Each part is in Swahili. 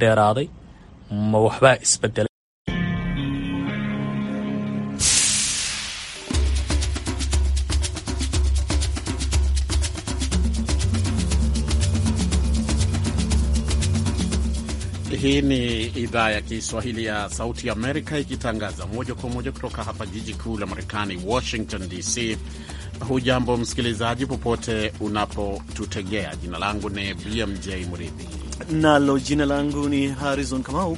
dheeraaday ma waxbaa isbedelay? Hii ni idhaa ya Kiswahili ya Sauti ya Amerika ikitangaza moja kwa moja kutoka hapa jiji kuu la Marekani, Washington DC. Hujambo msikilizaji, popote unapotutegea. Jina langu ni BMJ Mridhi nalo jina langu ni Harrison Kamau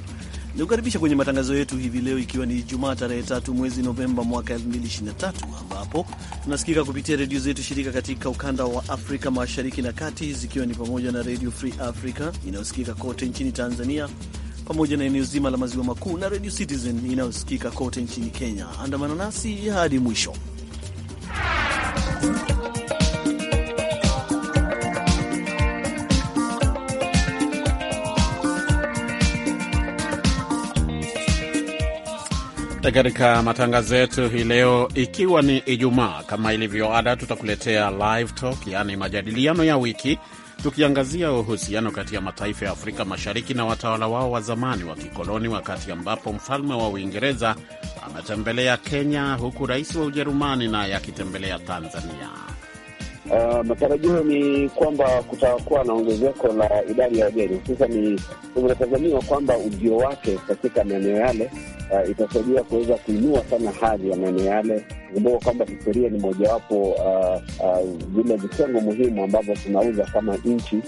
nikukaribisha kwenye matangazo yetu hivi leo, ikiwa ni Jumaa tarehe tatu mwezi Novemba mwaka 2023 ambapo tunasikika kupitia redio zetu shirika katika ukanda wa Afrika mashariki na kati, zikiwa ni pamoja na Redio Free Africa inayosikika kote nchini Tanzania pamoja na eneo zima la maziwa makuu na Radio Citizen inayosikika kote nchini Kenya. Andamana nasi hadi mwisho E, katika matangazo yetu hii leo, ikiwa ni Ijumaa, kama ilivyo ada, tutakuletea live talk, yaani majadiliano ya wiki, tukiangazia uhusiano kati ya mataifa ya Afrika Mashariki na watawala wao wa zamani wa kikoloni, wakati ambapo mfalme wa Uingereza ametembelea Kenya, huku rais wa Ujerumani naye akitembelea Tanzania. Uh, matarajio ni kwamba kutakuwa na ongezeko la idadi ya wageni. Sasa ni unatazamiwa kwamba ujio wake katika maeneo yale uh, itasaidia kuweza kuinua sana hadhi ya maeneo yale. Kumbuka kwamba historia ni mojawapo vile uh, uh, vitengo muhimu ambavyo tunauza kama nchi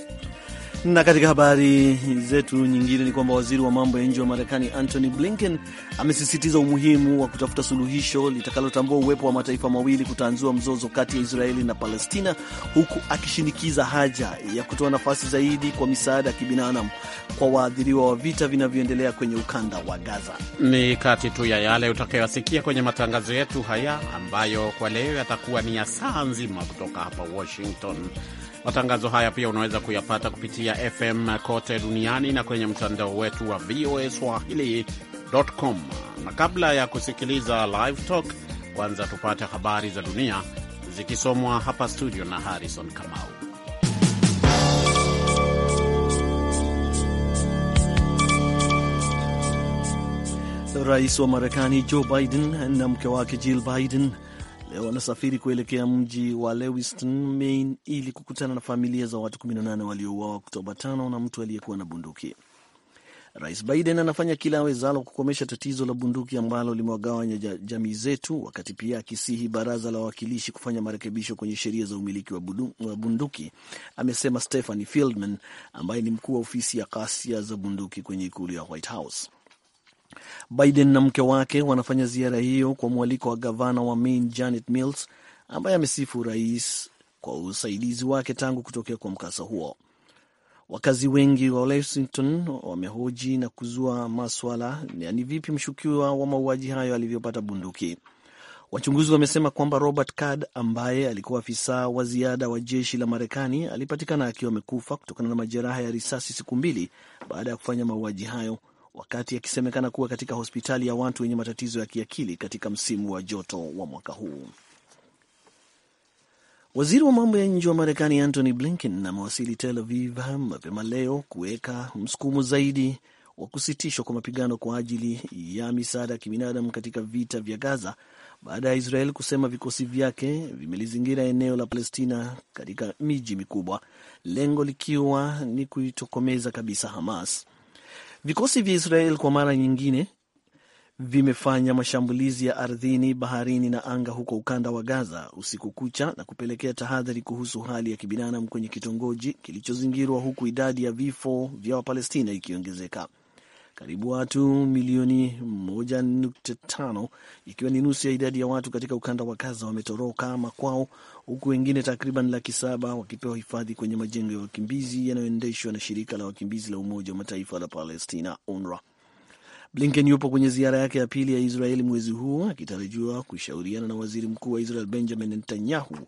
na katika habari zetu nyingine ni kwamba waziri wa mambo ya nje wa Marekani Antony Blinken amesisitiza umuhimu wa kutafuta suluhisho litakalotambua uwepo wa mataifa mawili kutanzua mzozo kati ya Israeli na Palestina, huku akishinikiza haja ya kutoa nafasi zaidi kwa misaada ya kibinadamu kwa waathiriwa wa vita vinavyoendelea kwenye ukanda wa Gaza. Ni kati tu ya yale utakayoyasikia kwenye matangazo yetu haya ambayo kwa leo yatakuwa ni ya saa nzima kutoka hapa Washington. Matangazo haya pia unaweza kuyapata kupitia FM kote duniani na kwenye mtandao wetu wa VOA Swahili.com. Na kabla ya kusikiliza Live Talk, kwanza tupate habari za dunia zikisomwa hapa studio na Harrison Kamau. Rais wa Marekani Joe Biden na mke wake Jill Biden wanasafiri kuelekea mji wa Lewiston, Maine ili kukutana na familia za watu 18 waliouawa Oktoba 5 na mtu aliyekuwa na bunduki. Rais Biden anafanya kila awezalo kukomesha tatizo la bunduki ambalo limewagawanya jamii zetu, wakati pia akisihi baraza la wawakilishi kufanya marekebisho kwenye sheria za umiliki wa bunduki, amesema Stephanie Fieldman ambaye ni mkuu wa ofisi ya ghasia za bunduki kwenye ikulu ya White House. Biden na mke wake wanafanya ziara hiyo kwa mwaliko wa gavana wa Maine Janet Mills ambaye amesifu rais kwa usaidizi wake tangu kutokea kwa mkasa huo. Wakazi wengi wa Lexington wamehoji na kuzua maswala ni ni vipi mshukiwa wa mauaji hayo alivyopata bunduki. Wachunguzi wamesema kwamba Robert Card ambaye alikuwa afisa wa ziada wa jeshi la Marekani alipatikana akiwa amekufa kutokana na majeraha ya risasi siku mbili baada ya kufanya mauaji hayo wakati akisemekana kuwa katika hospitali ya watu wenye matatizo ya kiakili katika msimu wa joto wa mwaka huu. Waziri wa mambo ya nje wa Marekani Antony Blinken amewasili Tel Aviv mapema leo kuweka msukumo zaidi wa kusitishwa kwa mapigano kwa ajili ya misaada ya kibinadamu katika vita vya Gaza baada ya Israel kusema vikosi vyake vimelizingira eneo la Palestina katika miji mikubwa, lengo likiwa ni kuitokomeza kabisa Hamas. Vikosi vya Israel kwa mara nyingine vimefanya mashambulizi ya ardhini, baharini na anga huko ukanda wa Gaza usiku kucha na kupelekea tahadhari kuhusu hali ya kibinadamu kwenye kitongoji kilichozingirwa, huku idadi ya vifo vya Wapalestina ikiongezeka karibu watu milioni 1.5 ikiwa ni nusu ya idadi ya watu katika ukanda wa Gaza wametoroka makwao, huku wengine takriban laki saba wakipewa hifadhi kwenye majengo ya wakimbizi yanayoendeshwa na shirika la wakimbizi la Umoja wa Mataifa la Palestina, UNRWA. Blinken yupo kwenye ziara yake ya pili ya Israeli mwezi huu akitarajiwa kushauriana na waziri mkuu wa Israel Benjamin Netanyahu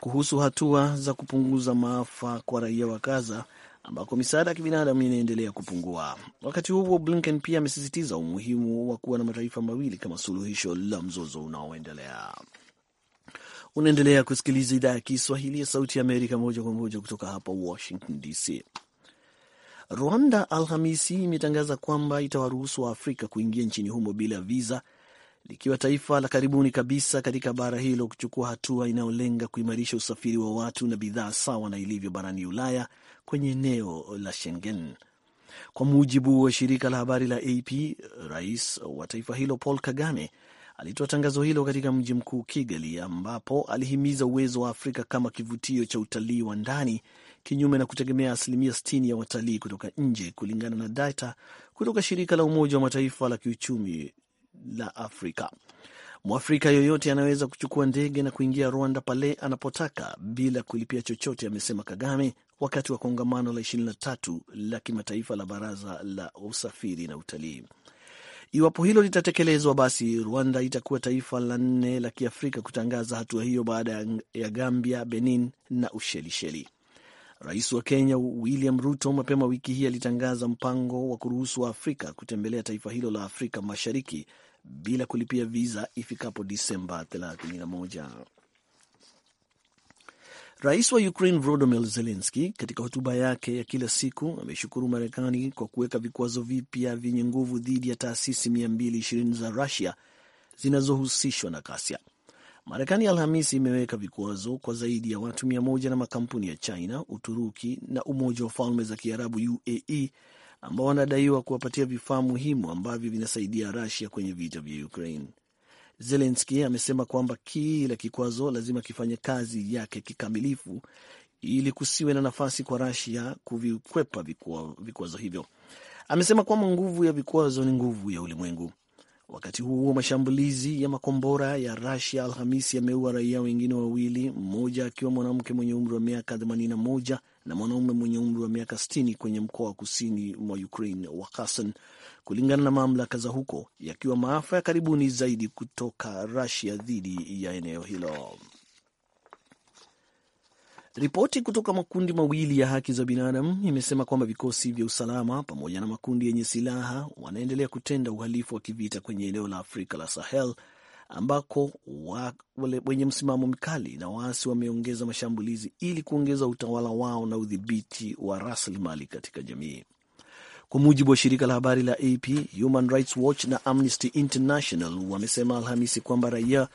kuhusu hatua za kupunguza maafa kwa raia wa Gaza ambako misaada ya kibinadamu inaendelea kupungua. Wakati huo Blinken pia amesisitiza umuhimu wa kuwa na mataifa mawili kama suluhisho la mzozo unaoendelea. Unaendelea kusikiliza idhaa ya Kiswahili ya Sauti ya Amerika moja kwa moja kutoka hapa Washington DC. Rwanda Alhamisi imetangaza kwamba itawaruhusu Waafrika kuingia nchini humo bila viza, likiwa taifa la karibuni kabisa katika bara hilo kuchukua hatua inayolenga kuimarisha usafiri wa watu na bidhaa sawa na ilivyo barani Ulaya kwenye eneo la Schengen. Kwa mujibu wa shirika la habari la AP, rais wa taifa hilo Paul Kagame alitoa tangazo hilo katika mji mkuu Kigali, ambapo alihimiza uwezo wa Afrika kama kivutio cha utalii wa ndani, kinyume na kutegemea asilimia 60 ya watalii kutoka nje, kulingana na data kutoka shirika la Umoja wa Mataifa la kiuchumi la Afrika. Mwafrika yoyote anaweza kuchukua ndege na kuingia Rwanda pale anapotaka bila kulipia chochote, amesema Kagame wakati wa kongamano la 23 la kimataifa la baraza la usafiri na utalii. Iwapo hilo litatekelezwa, basi Rwanda itakuwa taifa la nne la Kiafrika kutangaza hatua hiyo baada ya Gambia, Benin na Ushelisheli. Rais wa Kenya William Ruto mapema wiki hii alitangaza mpango wa kuruhusu Waafrika kutembelea taifa hilo la Afrika Mashariki bila kulipia viza ifikapo Disemba 31. Rais wa Ukraine Volodymyr Zelensky katika hotuba yake ya kila siku ameshukuru Marekani kwa kuweka vikwazo vipya vyenye nguvu dhidi ya taasisi 220 za Rusia zinazohusishwa na ghasia. Marekani Alhamisi imeweka vikwazo kwa zaidi ya watu mia moja na makampuni ya China, Uturuki na Umoja wa Falme za Kiarabu UAE ambao wanadaiwa kuwapatia vifaa muhimu ambavyo vinasaidia Russia kwenye vita vya Ukraine. Zelenski amesema kwamba kila kikwazo lazima kifanye kazi yake kikamilifu ili kusiwe na nafasi kwa Russia kuvikwepa vikwazo hivyo. Amesema kwamba nguvu ya vikwazo ni nguvu ya ulimwengu. Wakati huo huo, mashambulizi ya makombora ya Russia Alhamisi yameua raia wengine wawili, mmoja akiwa mwanamke mwenye umri wa miaka 81 na mwanaume mwenye umri wa miaka 60 kwenye mkoa wa kusini mwa Ukraine wa Kherson, kulingana na mamlaka za huko, yakiwa maafa ya karibuni zaidi kutoka Russia dhidi ya eneo hilo. Ripoti kutoka makundi mawili ya haki za binadamu imesema kwamba vikosi vya usalama pamoja na makundi yenye silaha wanaendelea kutenda uhalifu wa kivita kwenye eneo la Afrika la Sahel ambako wa, wale, wenye msimamo mkali na waasi wameongeza mashambulizi ili kuongeza utawala wao na udhibiti wa rasilimali katika jamii. Kwa mujibu wa shirika la habari la AP, Human Rights Watch na Amnesty International wamesema Alhamisi kwamba raia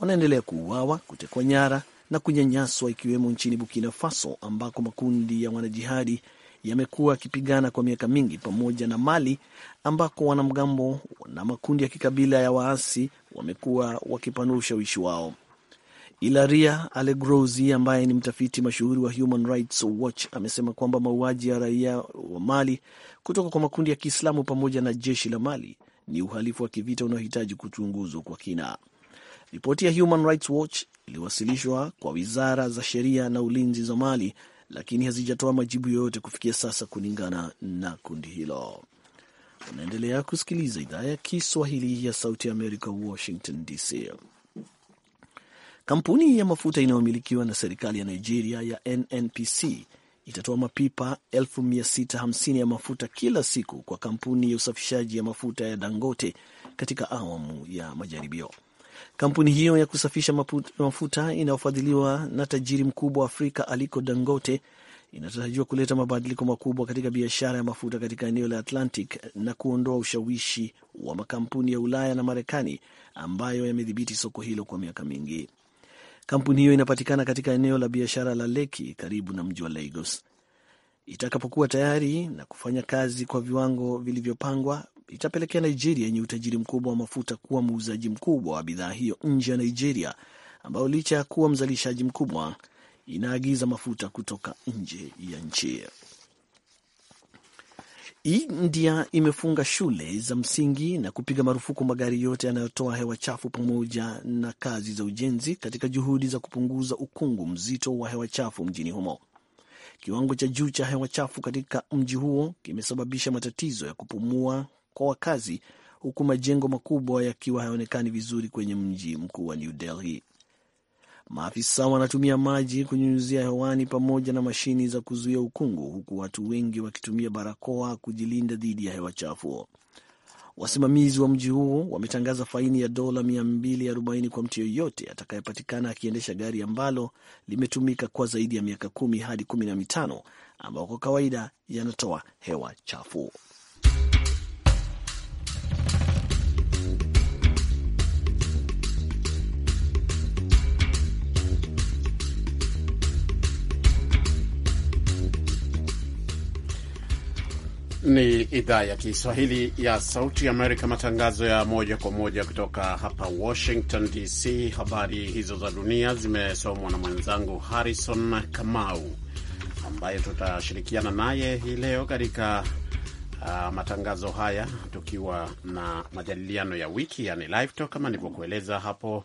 wanaendelea kuuawa, kutekwa nyara na kunyanyaswa, ikiwemo nchini Burkina Faso ambako makundi ya wanajihadi yamekuwa yakipigana kwa miaka mingi pamoja na Mali ambako wanamgambo na makundi ya kikabila ya waasi wamekuwa wakipanua ushawishi wao. Ilaria Alegrozi ambaye ni mtafiti mashuhuri wa Human Rights Watch amesema kwamba mauaji ya raia wa Mali kutoka kwa makundi ya Kiislamu pamoja na jeshi la Mali ni uhalifu wa kivita unaohitaji kuchunguzwa kwa kina. Ripoti ya Human Rights Watch iliwasilishwa kwa wizara za sheria na ulinzi za Mali lakini hazijatoa majibu yoyote kufikia sasa, kulingana na kundi hilo. Unaendelea kusikiliza idhaa ya Kiswahili ya Sauti ya Amerika, Washington DC. Kampuni ya mafuta inayomilikiwa na serikali ya Nigeria ya NNPC itatoa mapipa 650 ya mafuta kila siku kwa kampuni ya usafishaji ya mafuta ya Dangote katika awamu ya majaribio. Kampuni hiyo ya kusafisha mafuta inayofadhiliwa na tajiri mkubwa wa Afrika Aliko Dangote inatarajiwa kuleta mabadiliko makubwa katika biashara ya mafuta katika eneo la Atlantic na kuondoa ushawishi wa makampuni ya Ulaya na Marekani ambayo yamedhibiti soko hilo kwa miaka mingi. Kampuni hiyo inapatikana katika eneo la biashara la Leki karibu na mji wa Lagos. Itakapokuwa tayari na kufanya kazi kwa viwango vilivyopangwa, itapelekea Nigeria yenye utajiri mkubwa wa mafuta kuwa muuzaji mkubwa wa bidhaa hiyo nje ya Nigeria, ambayo licha ya kuwa mzalishaji mkubwa inaagiza mafuta kutoka nje ya nchi. India imefunga shule za msingi na kupiga marufuku magari yote yanayotoa hewa chafu pamoja na kazi za ujenzi katika juhudi za kupunguza ukungu mzito wa hewa chafu mjini humo. Kiwango cha juu cha hewa chafu katika mji huo kimesababisha matatizo ya kupumua kwa wakazi, huku majengo makubwa yakiwa hayaonekani vizuri kwenye mji mkuu wa New Delhi. Maafisa wanatumia maji kunyunyuzia hewani pamoja na mashini za kuzuia ukungu, huku watu wengi wakitumia barakoa kujilinda dhidi ya hewa chafu. Wasimamizi wa mji huo wametangaza faini ya dola 240 kwa mtu yeyote atakayepatikana akiendesha gari ambalo limetumika kwa zaidi ya miaka kumi hadi kumi na mitano ambao kwa kawaida yanatoa hewa chafu. Ni idhaa ya Kiswahili ya Sauti Amerika, matangazo ya moja kwa moja kutoka hapa Washington DC. Habari hizo za dunia zimesomwa na mwenzangu Harrison Kamau, ambaye tutashirikiana naye hii leo katika uh, matangazo haya, tukiwa na majadiliano ya wiki, yani live talk, kama nilivyokueleza hapo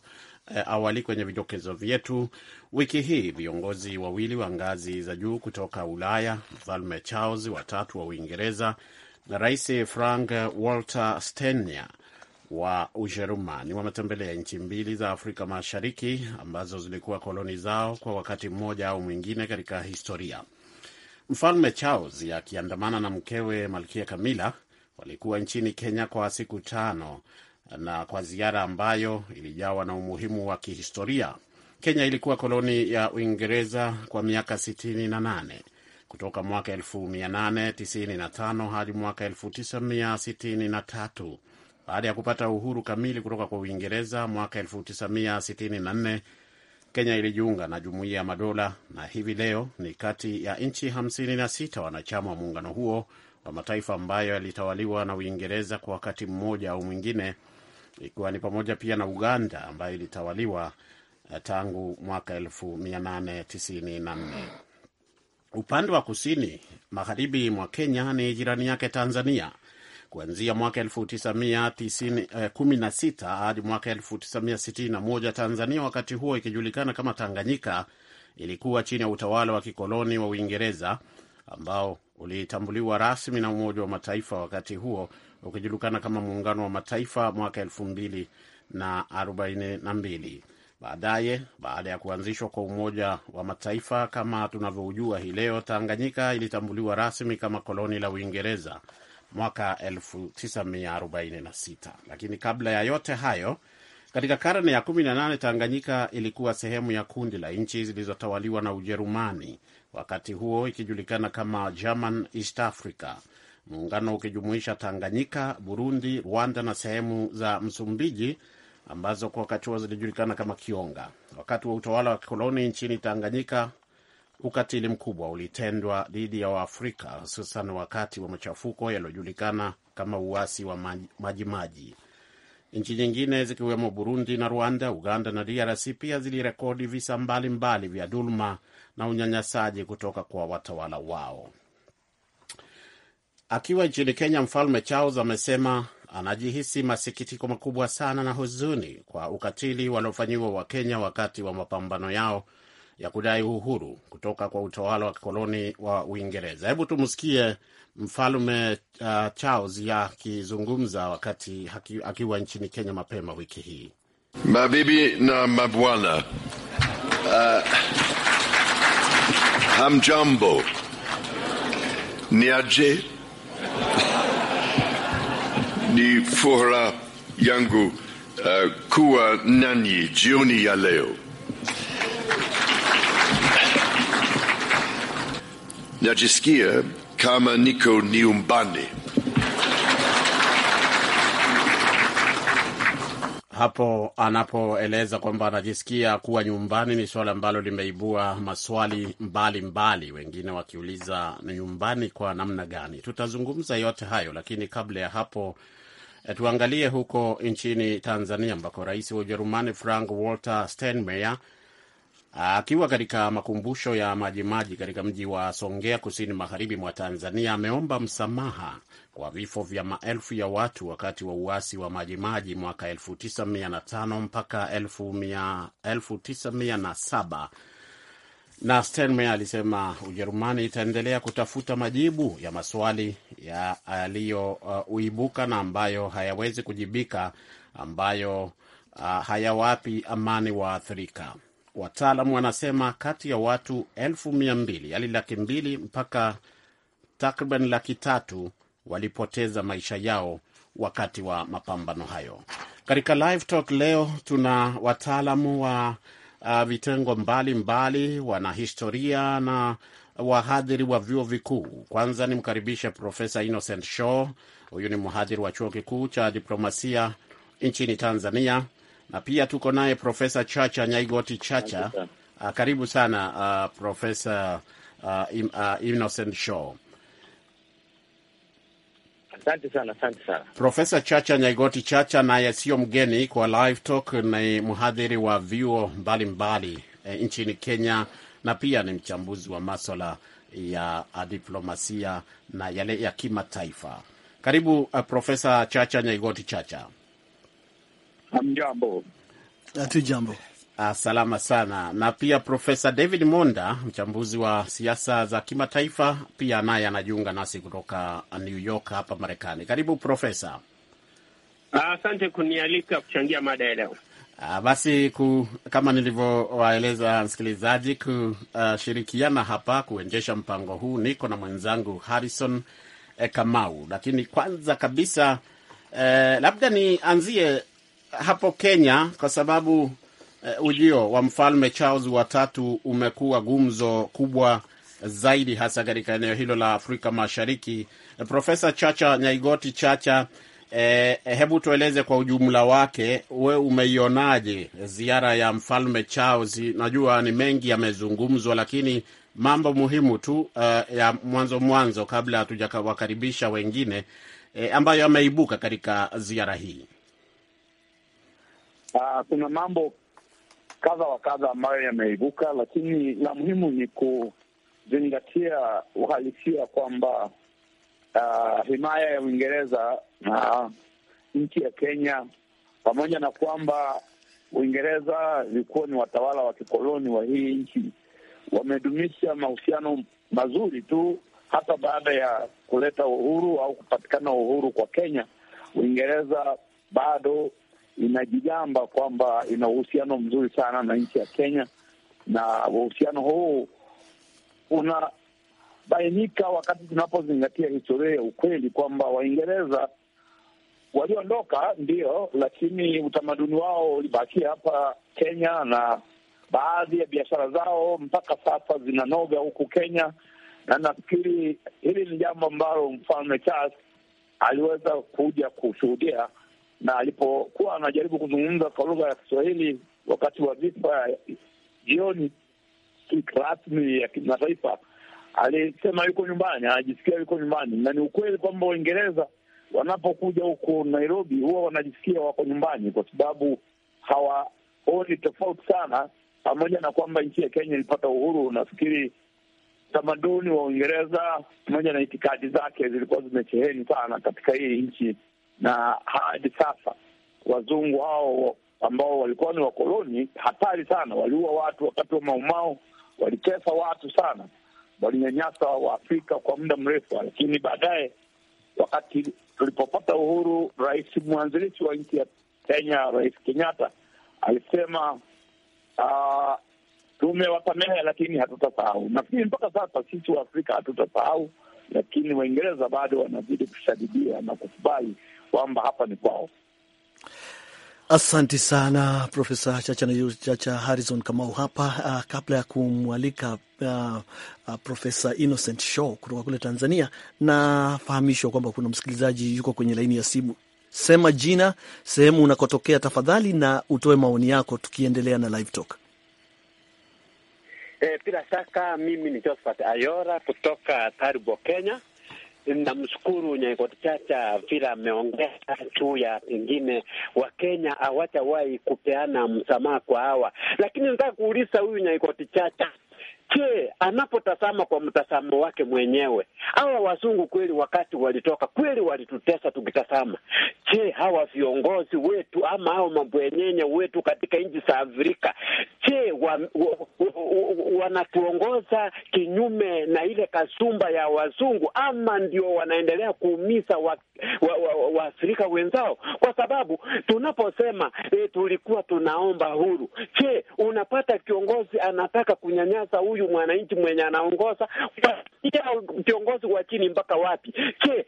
Eh, awali kwenye vidokezo vyetu, wiki hii viongozi wawili wa ngazi za juu kutoka Ulaya, Mfalme Charles watatu wa Uingereza na Rais Frank Walter Steinmeier wa Ujerumani wametembelea nchi mbili za Afrika Mashariki ambazo zilikuwa koloni zao kwa wakati mmoja au mwingine katika historia. Mfalme Charles akiandamana na mkewe Malkia Kamila walikuwa nchini Kenya kwa siku tano na kwa ziara ambayo ilijawa na umuhimu wa kihistoria. Kenya ilikuwa koloni ya Uingereza kwa miaka 68 kutoka mwaka 1895 hadi mwaka 1963. Baada ya kupata uhuru kamili kutoka kwa Uingereza mwaka 1964, Kenya ilijiunga na Jumuiya ya Madola na hivi leo ni kati ya nchi 56 wanachama wa muungano huo wa mataifa ambayo yalitawaliwa na Uingereza kwa wakati mmoja au mwingine ikiwa ni pamoja pia na Uganda ambayo ilitawaliwa eh, tangu mwaka 1894. Upande wa kusini magharibi mwa Kenya ni jirani yake Tanzania. Kuanzia mwaka 1916 eh, hadi mwaka 1961, Tanzania wakati huo ikijulikana kama Tanganyika ilikuwa chini ya utawala wa kikoloni wa Uingereza ambao ulitambuliwa rasmi na Umoja wa Mataifa wakati huo ukijulikana kama Muungano wa Mataifa mwaka elfu mbili na arobaini na mbili. Baadaye, baada ya kuanzishwa kwa Umoja wa Mataifa kama tunavyojua hii leo, Tanganyika ilitambuliwa rasmi kama koloni la Uingereza mwaka 1946. Lakini kabla ya yote hayo, katika karne ya 18 Tanganyika ilikuwa sehemu ya kundi la nchi zilizotawaliwa na Ujerumani, wakati huo ikijulikana kama German East Africa muungano ukijumuisha Tanganyika, Burundi, Rwanda na sehemu za Msumbiji ambazo kwa wakati huo zilijulikana kama Kionga. Wakati wa utawala wa kikoloni nchini Tanganyika, ukatili mkubwa ulitendwa dhidi ya Waafrika, hususan wakati wa machafuko yaliyojulikana kama uasi wa Majimaji. Nchi nyingine zikiwemo Burundi na Rwanda, Uganda na DRC pia zilirekodi visa mbalimbali mbali vya dhuluma na unyanyasaji kutoka kwa watawala wao. Akiwa nchini Kenya, Mfalme Charles amesema anajihisi masikitiko makubwa sana na huzuni kwa ukatili wanaofanyiwa Wakenya wakati wa mapambano yao ya kudai uhuru kutoka kwa utawala wa kikoloni wa Uingereza. Hebu tumsikie Mfalme uh, Charles akizungumza wakati haki, akiwa nchini Kenya mapema wiki hii. Mabibi na mabwana, uh, hamjambo, ni aje? ni fura yangu uh, kuwa nanyi jioni ya leo. Najisikia kama niko nyumbani. hapo anapoeleza kwamba anajisikia kuwa nyumbani, ni suala ambalo limeibua maswali mbalimbali mbali, wengine wakiuliza ni nyumbani kwa namna gani. Tutazungumza yote hayo, lakini kabla ya hapo eh, tuangalie huko nchini Tanzania ambako rais wa Ujerumani Frank Walter Steinmeier Akiwa katika makumbusho ya Majimaji katika mji wa Songea, kusini magharibi mwa Tanzania, ameomba msamaha kwa vifo vya maelfu ya watu wakati wa uasi wa Majimaji mwaka 1905 mpaka 1907 na Steinmeier alisema Ujerumani itaendelea kutafuta majibu ya maswali yaliyouibuka uh, na ambayo hayawezi kujibika, ambayo uh, hayawapi amani waathirika. Wataalamu wanasema kati ya watu elfu mia mbili hadi laki mbili mpaka takriban laki tatu walipoteza maisha yao wakati wa mapambano hayo. Katika Live Talk leo tuna wataalamu wa uh, vitengo mbalimbali, wanahistoria na wahadhiri wa vyuo vikuu. Kwanza nimkaribishe Profesa Innocent Shaw, huyu ni mhadhiri wa chuo kikuu cha diplomasia nchini Tanzania na pia tuko naye Profesa Chacha Nyaigoti Chacha. Uh, karibu sana uh, Profesa uh, uh, Innocent Show. Asante sana, asante sana. Profesa Chacha Nyaigoti Chacha naye sio mgeni kwa Live Talk, ni mhadhiri wa vyuo mbalimbali e, nchini Kenya na pia ni mchambuzi wa maswala ya diplomasia na yale ya kimataifa. Karibu uh, Profesa Chacha Nyaigoti Chacha. Hamjambo? Hatu jambo. Ah, salama sana. Na pia Profesa David Monda, mchambuzi wa siasa za kimataifa, pia naye anajiunga nasi kutoka New York hapa Marekani. Karibu Profesa. Asante kunialika kuchangia mada ya leo. Ah, basi ku, kama nilivyowaeleza msikilizaji, kushirikiana uh, hapa kuendesha mpango huu niko na mwenzangu Harrison eh, Kamau, lakini kwanza kabisa eh, labda nianzie hapo Kenya kwa sababu eh, ujio wa mfalme Charles watatu umekuwa gumzo kubwa zaidi hasa katika eneo hilo la Afrika Mashariki. Eh, Profesa Chacha Nyaigoti Chacha, eh, hebu tueleze kwa ujumla wake, we umeionaje ziara ya mfalme Charles? Najua ni mengi yamezungumzwa, lakini mambo muhimu tu uh, ya mwanzo mwanzo kabla hatujawakaribisha wengine eh, ambayo yameibuka katika ziara hii. Uh, kuna mambo kadha wa kadha ambayo yameibuka, lakini la muhimu ni kuzingatia uhalisia kwamba uh, himaya ya Uingereza na uh, nchi ya Kenya, pamoja na kwamba Uingereza ilikuwa ni watawala wa kikoloni wa hii nchi, wamedumisha mahusiano mazuri tu hata baada ya kuleta uhuru au kupatikana uhuru kwa Kenya. Uingereza bado inajigamba kwamba ina uhusiano mzuri sana na nchi ya Kenya, na uhusiano huu unabainika wakati tunapozingatia historia ya ukweli kwamba Waingereza waliondoka ndio, lakini utamaduni wao ulibakia hapa Kenya, na baadhi ya biashara zao mpaka sasa zinanoga huku Kenya, na nafikiri hili ni jambo ambalo Mfalme Charles aliweza kuja kushuhudia na alipokuwa anajaribu kuzungumza kwa lugha ya Kiswahili wakati wa vifa jioni rasmi ya kimataifa, alisema yuko nyumbani, anajisikia yuko nyumbani, na ni ukweli kwamba Waingereza wanapokuja huko Nairobi huwa wanajisikia wako nyumbani, kwa sababu hawaoni tofauti sana, pamoja na kwamba nchi ya Kenya ilipata uhuru. Nafikiri utamaduni wa Uingereza pamoja na itikadi zake zilikuwa zimecheheni sana katika hii nchi na hadi sasa wazungu hao ambao walikuwa ni wakoloni hatari sana, waliua watu wakati wa Maumau, walitesa watu sana, walinyanyasa Waafrika kwa muda mrefu. Lakini baadaye wakati tulipopata uhuru, rais mwanzilishi wa nchi ya Kenya, Rais Kenyatta alisema uh, tumewasamehe lakini hatutasahau. Nafikiri mpaka sasa sisi Waafrika hatutasahau, lakini Waingereza bado wanazidi kushadidia na kukubali kwamba hapa ni kwao. Asante sana Profesa Chacha na Chacha Harrison Kamau hapa. Uh, kabla ya kumwalika uh, uh, Profesa Innocent Show kutoka kule Tanzania, nafahamishwa kwamba kuna msikilizaji yuko kwenye laini ya simu. Sema jina, sehemu unakotokea tafadhali, na utoe maoni yako, tukiendelea na live talk. E, bila shaka mimi ni Josephat Ayora kutoka Taribo, Kenya namshukuru Nyaigoti Chacha vile ameongea tu ya pengine Wakenya hawatawahi kupeana msamaha kwa hawa, lakini nataka kuuliza huyu Nyaigoti Chacha Je, anapotazama kwa mtazamo wake mwenyewe, hawa wazungu kweli wakati walitoka kweli walitutesa tukitazama? Je, hawa viongozi wetu ama hao mabwenyenye wetu katika nchi za Afrika, je, wanatuongoza wa, wa, wa, wa kinyume na ile kasumba ya wazungu ama ndio wanaendelea kuumiza waafrika wa, wa, wa wenzao? Kwa sababu tunaposema e, tulikuwa tunaomba huru, je, unapata kiongozi anataka kunyanyasa huyu huyu mwananchi mwenye anaongoza kufikia viongozi wa chini mpaka wapi? Je,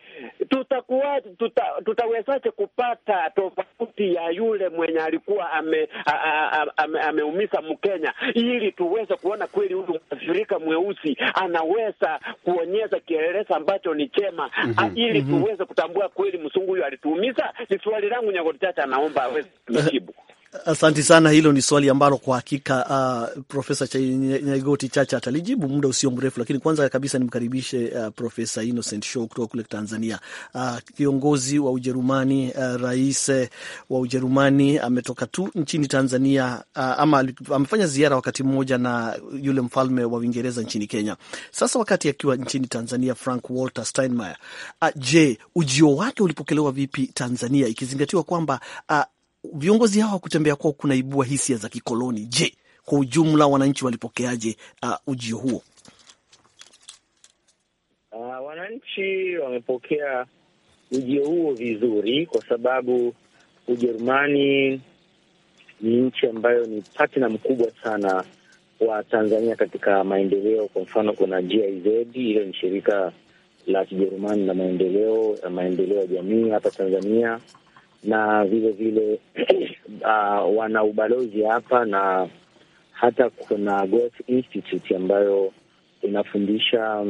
tutakuwa tuta, tutawezaje kupata tofauti ya yule mwenye alikuwa ame, ame, ameumiza Mkenya ili tuweze kuona kweli huyu Mwafrika mweusi anaweza kuonyesha kielelezo ambacho ni chema mm -hmm, ili mm -hmm. tuweze kutambua kweli msungu huyu alituumiza? Ni swali langu Nyagoti Chacha, anaomba aweze eh, kujibu. Asanti sana. Hilo ni swali ambalo kwa hakika uh, Profesa Nyaigoti Chacha atalijibu muda usio mrefu, lakini kwanza kabisa nimkaribishe uh, Profesa Innocent Show kutoka kule Tanzania. Uh, kiongozi wa Ujerumani uh, rais eh, wa Ujerumani ametoka tu nchini Tanzania uh, ama amefanya ziara wakati mmoja na yule mfalme wa Uingereza nchini Kenya. Sasa wakati akiwa nchini Tanzania, Frank Walter Steinmeier, uh, je, ujio wake ulipokelewa vipi Tanzania, ikizingatiwa kwamba uh, viongozi hawa kutembea kwao kunaibua hisia za kikoloni. Je, kwa ujumla wananchi walipokeaje uh, ujio huo? Uh, wananchi wamepokea ujio huo vizuri, kwa sababu Ujerumani ni nchi ambayo ni partner mkubwa sana wa Tanzania katika maendeleo. Kwa mfano, kuna GIZ, hilo ni shirika la Kijerumani la maendeleo ya maendeleo ya jamii hapa Tanzania na vile vile uh, wana ubalozi hapa na hata kuna Goethe Institute ambayo inafundisha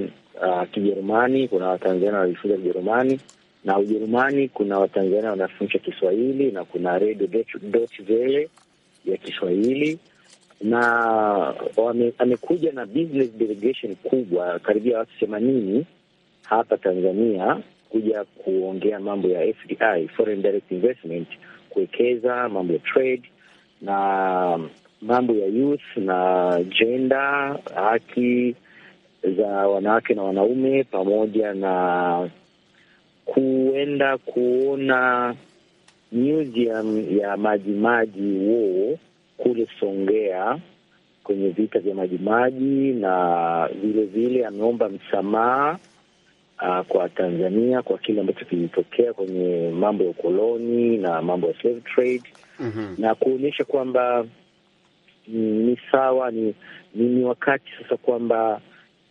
uh, Kijerumani. Kuna Watanzania wanajifunza Kijerumani na Ujerumani, kuna Watanzania wanafundisha Kiswahili na kuna redio Deutsche Welle ya Kiswahili na wame, amekuja na business delegation kubwa karibia watu themanini hapa Tanzania kuja kuongea mambo ya FDI, foreign direct investment, kuwekeza mambo ya trade na mambo ya youth na jenda, haki za wanawake na wanaume, pamoja na kuenda kuona museum ya Majimaji wo kule Songea kwenye vita vya Majimaji, na vilevile ameomba msamaha uh, kwa Tanzania kwa kile ambacho kilitokea kwenye mambo ya ukoloni na mambo ya slave trade mm -hmm. na kuonyesha kwamba mm, ni sawa ni, ni, ni wakati sasa kwamba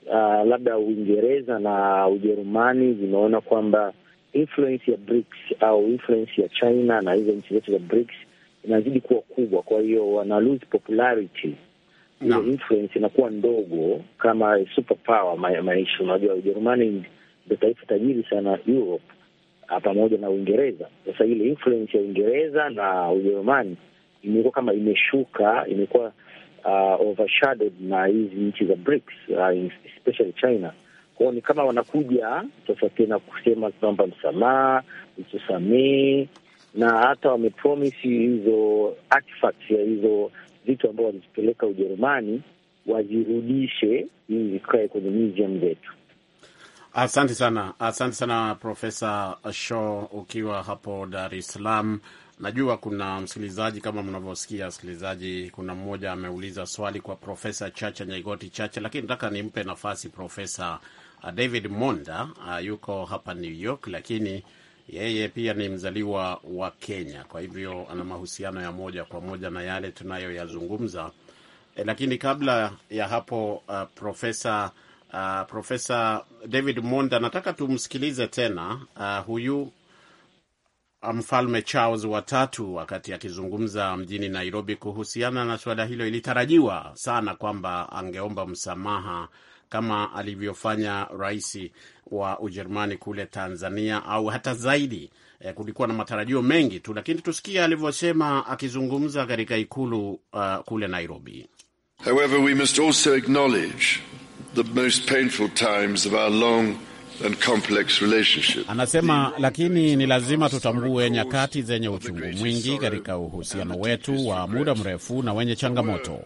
uh, labda Uingereza na Ujerumani zimeona kwamba influence ya BRICS au influence ya China na hizo nchi zote za BRICS inazidi kuwa kubwa, kwa hiyo wana lose popularity no. influence inakuwa ndogo kama maisha. Unajua Ujerumani ndo taifa tajiri sana Europe ah, pamoja na Uingereza. Sasa ile influence ya Uingereza na Ujerumani imekuwa kama imeshuka, imekuwa uh, overshadowed na hizi nchi za BRICS, uh, especially China. Kwao ni kama wanakuja sasa tena kusema tunaomba msamaha, utusamee, na hata wamepromisi hizo artifacts ya hizo vitu ambao walizipeleka Ujerumani wazirudishe ili zikae kwenye museum zetu. Asante sana, asante sana Profesa Shaw, ukiwa hapo Dar es Salaam. Najua kuna msikilizaji, kama mnavyosikia msikilizaji, kuna mmoja ameuliza swali kwa Profesa Chacha Nyaigoti Chacha, lakini nataka nimpe nafasi Profesa uh, David Monda. Uh, yuko hapa New York, lakini yeye pia ni mzaliwa wa Kenya, kwa hivyo ana mahusiano ya moja kwa moja na yale tunayoyazungumza. E, lakini kabla ya hapo uh, Profesa Uh, Profesa David Monda, nataka tumsikilize tena uh, huyu ah, Mfalme Charles watatu wakati akizungumza mjini Nairobi kuhusiana na suala hilo. Ilitarajiwa sana kwamba angeomba msamaha kama alivyofanya rais wa Ujerumani kule Tanzania au hata zaidi. Eh, kulikuwa na matarajio mengi tu, lakini tusikie alivyosema akizungumza katika ikulu uh, kule Nairobi. However, we must also acknowledge the most painful times of our long and complex relationship. Anasema lakini ni lazima tutambue nyakati zenye uchungu mwingi katika uhusiano wetu wa muda mrefu na wenye changamoto.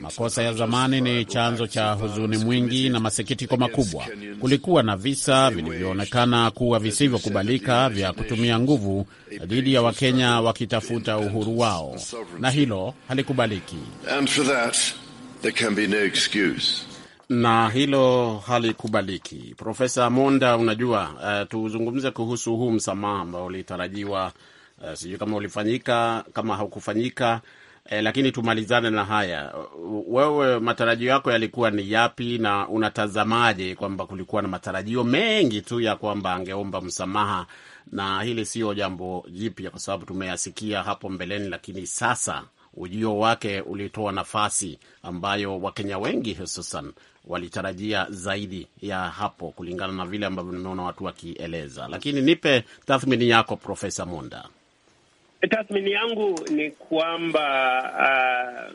Makosa ya zamani ni chanzo cha huzuni mwingi na masikitiko makubwa. Kulikuwa na visa vilivyoonekana kuwa visivyokubalika vya kutumia nguvu dhidi ya Wakenya wakitafuta uhuru wao, na hilo halikubaliki. And for that, there can be no excuse na hilo halikubaliki. Profesa Monda, unajua uh, tuzungumze kuhusu huu msamaha ambao ulitarajiwa uh, sijui kama ulifanyika kama haukufanyika eh, lakini tumalizane na haya. Wewe matarajio yako yalikuwa ni yapi, na unatazamaje kwamba kulikuwa na matarajio mengi tu ya kwamba angeomba msamaha, na hili sio jambo jipya kwa sababu tumeyasikia hapo mbeleni, lakini sasa ujio wake ulitoa nafasi ambayo Wakenya wengi hususan walitarajia zaidi ya hapo, kulingana na vile ambavyo nimeona watu wakieleza. Lakini nipe tathmini yako, Profesa Monda. Tathmini yangu ni kwamba uh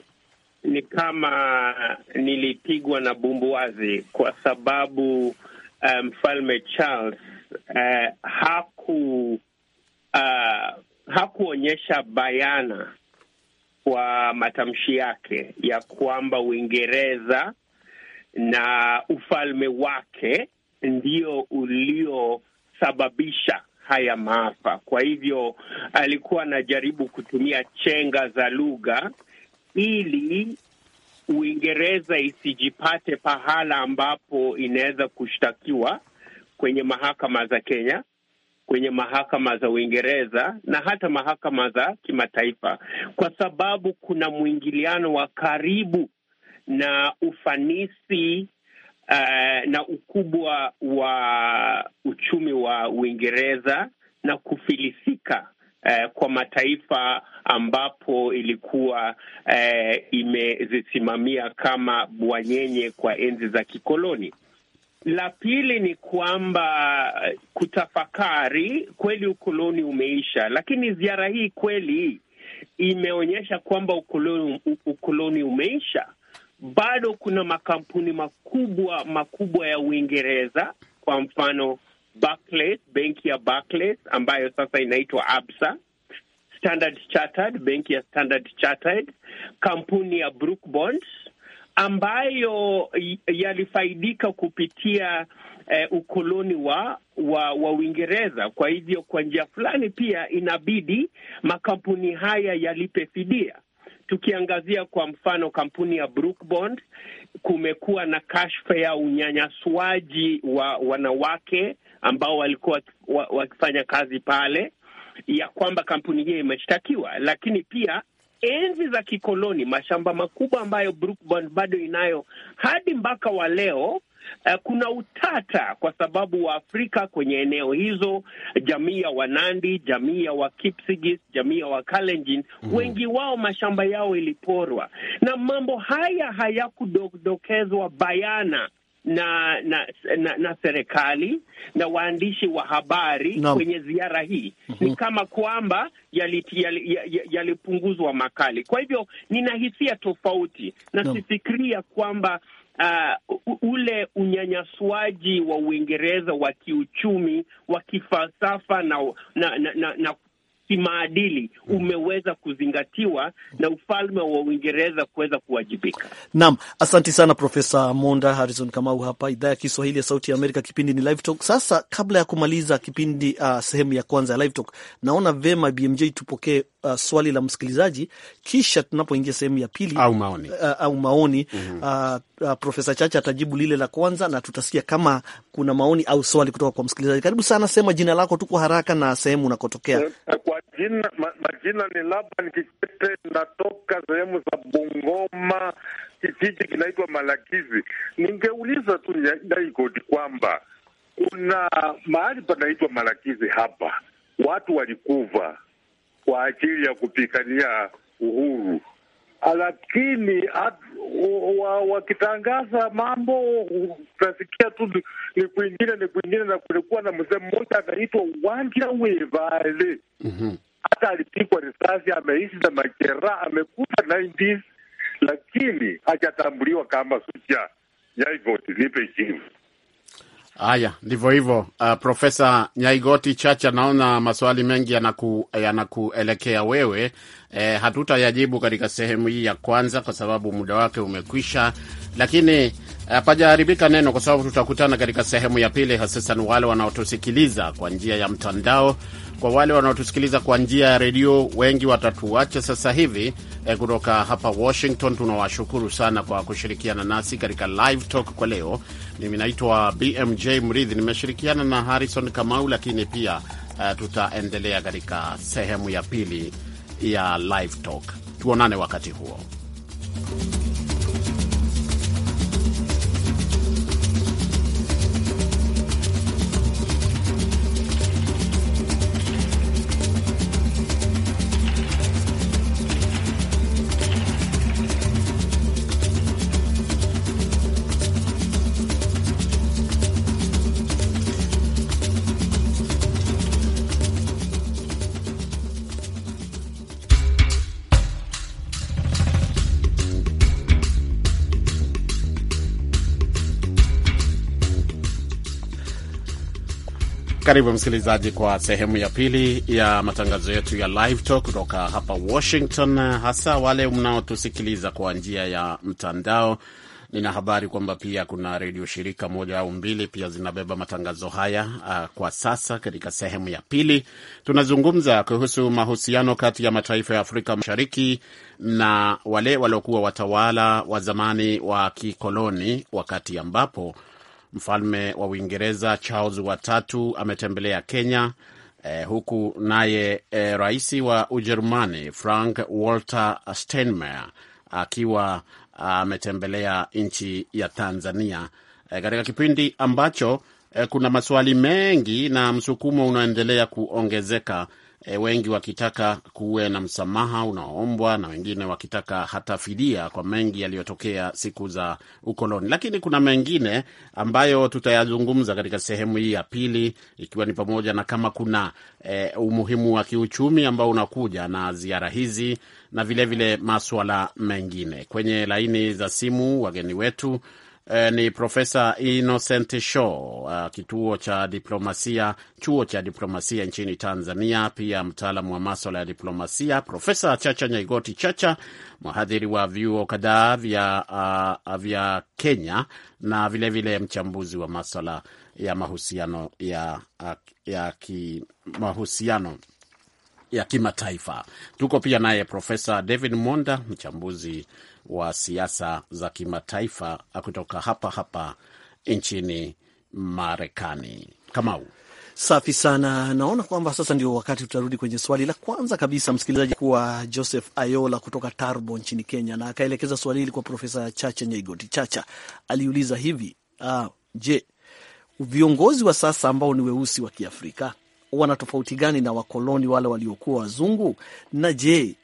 ni kama nilipigwa na bumbuazi kwa sababu uh, mfalme um, Charles uh, haku uh, hakuonyesha bayana kwa matamshi yake ya kwamba Uingereza na ufalme wake ndio uliosababisha haya maafa. Kwa hivyo alikuwa anajaribu kutumia chenga za lugha ili Uingereza isijipate pahala ambapo inaweza kushtakiwa kwenye mahakama za Kenya, kwenye mahakama za Uingereza na hata mahakama za kimataifa, kwa sababu kuna mwingiliano wa karibu na ufanisi uh, na ukubwa wa uchumi wa Uingereza na kufilisika uh, kwa mataifa ambapo ilikuwa uh, imezisimamia kama bwanyenye kwa enzi za kikoloni. La pili ni kwamba kutafakari kweli, ukoloni umeisha, lakini ziara hii kweli imeonyesha kwamba ukoloni, ukoloni umeisha bado kuna makampuni makubwa makubwa ya Uingereza, kwa mfano Barclays, benki ya Barclays ambayo sasa inaitwa Absa, Standard Chartered, benki ya Standard Chartered, kampuni ya Brook Bonds ambayo yalifaidika kupitia eh, ukoloni wa wa wa Uingereza. Kwa hivyo kwa njia fulani pia inabidi makampuni haya yalipe fidia. Tukiangazia kwa mfano kampuni ya Brookbond, kumekuwa na kashfa ya unyanyaswaji wa wanawake ambao walikuwa wakifanya kazi pale, ya kwamba kampuni hiyo imeshtakiwa. Lakini pia enzi za kikoloni, mashamba makubwa ambayo Brookbond bado inayo hadi mpaka wa leo Uh, kuna utata kwa sababu Waafrika kwenye eneo hizo, jamii ya Wanandi, jamii ya Wakipsigis, jamii ya Wakalenjin mm. wengi wao mashamba yao iliporwa, na mambo haya hayakudokezwa bayana na na, na, na serikali na waandishi wa habari no. kwenye ziara hii mm -hmm. ni mhm. kama kwamba yalipunguzwa makali. Kwa hivyo ninahisia tofauti na no. sifikiria kwamba uh, ule unyanyaswaji wa Uingereza wa kiuchumi, wa kifalsafa na, na, na, na, na kimaadili hmm. umeweza kuzingatiwa na ufalme wa Uingereza kuweza kuwajibika. Naam, asanti sana Profesa Monda Harrison Kamau hapa idhaa ya Kiswahili ya Sauti ya Amerika. Kipindi ni Live Talk. Sasa kabla ya kumaliza kipindi uh, sehemu ya kwanza ya Live Talk, naona vema BMJ tupokee uh, swali la msikilizaji, kisha tunapoingia sehemu ya pili au maoni, uh, au maoni mm -hmm. uh, uh, Profesa Chacha atajibu lile la kwanza na tutasikia kama kuna maoni au swali kutoka kwa msikilizaji. Karibu sana, sema jina lako tu kwa haraka na sehemu unakotokea. Kwa Majina, ma, majina ni Laban Kikwete, natoka sehemu za Bungoma, kijiji kinaitwa Malakizi. Ningeuliza tu Nyaigodi kwamba kuna mahali panaitwa Malakizi hapa watu walikuva kwa ajili ya kupigania uhuru lakini wakitangaza mambo utasikia tu ni kwingine ni kwingine, na kulikuwa na mzee mmoja anaitwa Wanja Wevale mhm. hata alipikwa alipigwa risasi, ameishi na majeraha, amekufa 90 lakini hajatambuliwa kama shujaa. Yaivotilipe jivu Haya, ndivyo hivyo. Uh, Profesa Nyaigoti Chacha, naona maswali mengi yanakuelekea ya wewe. E, hatutayajibu katika sehemu hii ya kwanza kwa sababu muda wake umekwisha, lakini uh, pajaharibika neno, kwa sababu tutakutana katika sehemu ya pili, hususan wale wanaotusikiliza kwa njia ya mtandao. Kwa wale wanaotusikiliza kwa njia ya redio, wengi watatuacha sasa hivi eh, kutoka hapa Washington. Tunawashukuru sana kwa kushirikiana nasi katika live talk kwa leo mimi naitwa BMJ Mridhi, nimeshirikiana na Harrison Kamau, lakini pia uh, tutaendelea katika sehemu ya pili ya Live Talk. Tuonane wakati huo. Karibu msikilizaji kwa sehemu ya pili ya matangazo yetu ya Live Talk kutoka hapa Washington, hasa wale mnaotusikiliza kwa njia ya mtandao. Nina habari kwamba pia kuna redio shirika moja au mbili pia zinabeba matangazo haya. Ah, kwa sasa, katika sehemu ya pili, tunazungumza kuhusu mahusiano kati ya mataifa ya Afrika Mashariki na wale waliokuwa watawala wa zamani wa kikoloni, wakati ambapo Mfalme wa Uingereza Charles watatu ametembelea Kenya eh, huku naye eh, rais wa Ujerumani Frank Walter Steinmeier akiwa ah, ametembelea nchi ya Tanzania eh, katika kipindi ambacho eh, kuna maswali mengi na msukumo unaendelea kuongezeka e, wengi wakitaka kuwe na msamaha unaoombwa na wengine wakitaka hata fidia kwa mengi yaliyotokea siku za ukoloni. Lakini kuna mengine ambayo tutayazungumza katika sehemu hii ya pili, ikiwa ni pamoja na kama kuna e, umuhimu wa kiuchumi ambao unakuja na ziara hizi na vilevile maswala mengine. Kwenye laini za simu wageni wetu eh, ni Profesa Innocent shaw uh, kituo cha diplomasia, chuo cha diplomasia nchini Tanzania, pia mtaalamu wa maswala ya diplomasia, Profesa Chacha Nyaigoti Chacha, mhadhiri wa vyuo kadhaa vya, uh, vya Kenya na vilevile vile mchambuzi wa maswala ya mahusiano ya, ah, ya ki, mahusiano ya kimataifa. Tuko pia naye Profesa David Monda, mchambuzi wa siasa za kimataifa kutoka hapa hapa nchini Marekani. Kamau. Safi sana. Naona kwamba sasa ndio wakati tutarudi kwenye swali la kwanza kabisa, msikilizaji kuwa Joseph Ayola kutoka Tarbo nchini Kenya, na akaelekeza swali hili kwa Profesa Chacha Nyaigoti Chacha. Aliuliza hivi ah, je, viongozi wa sasa ambao ni weusi wa Kiafrika wana tofauti gani na wakoloni wale waliokuwa wazungu? Na je,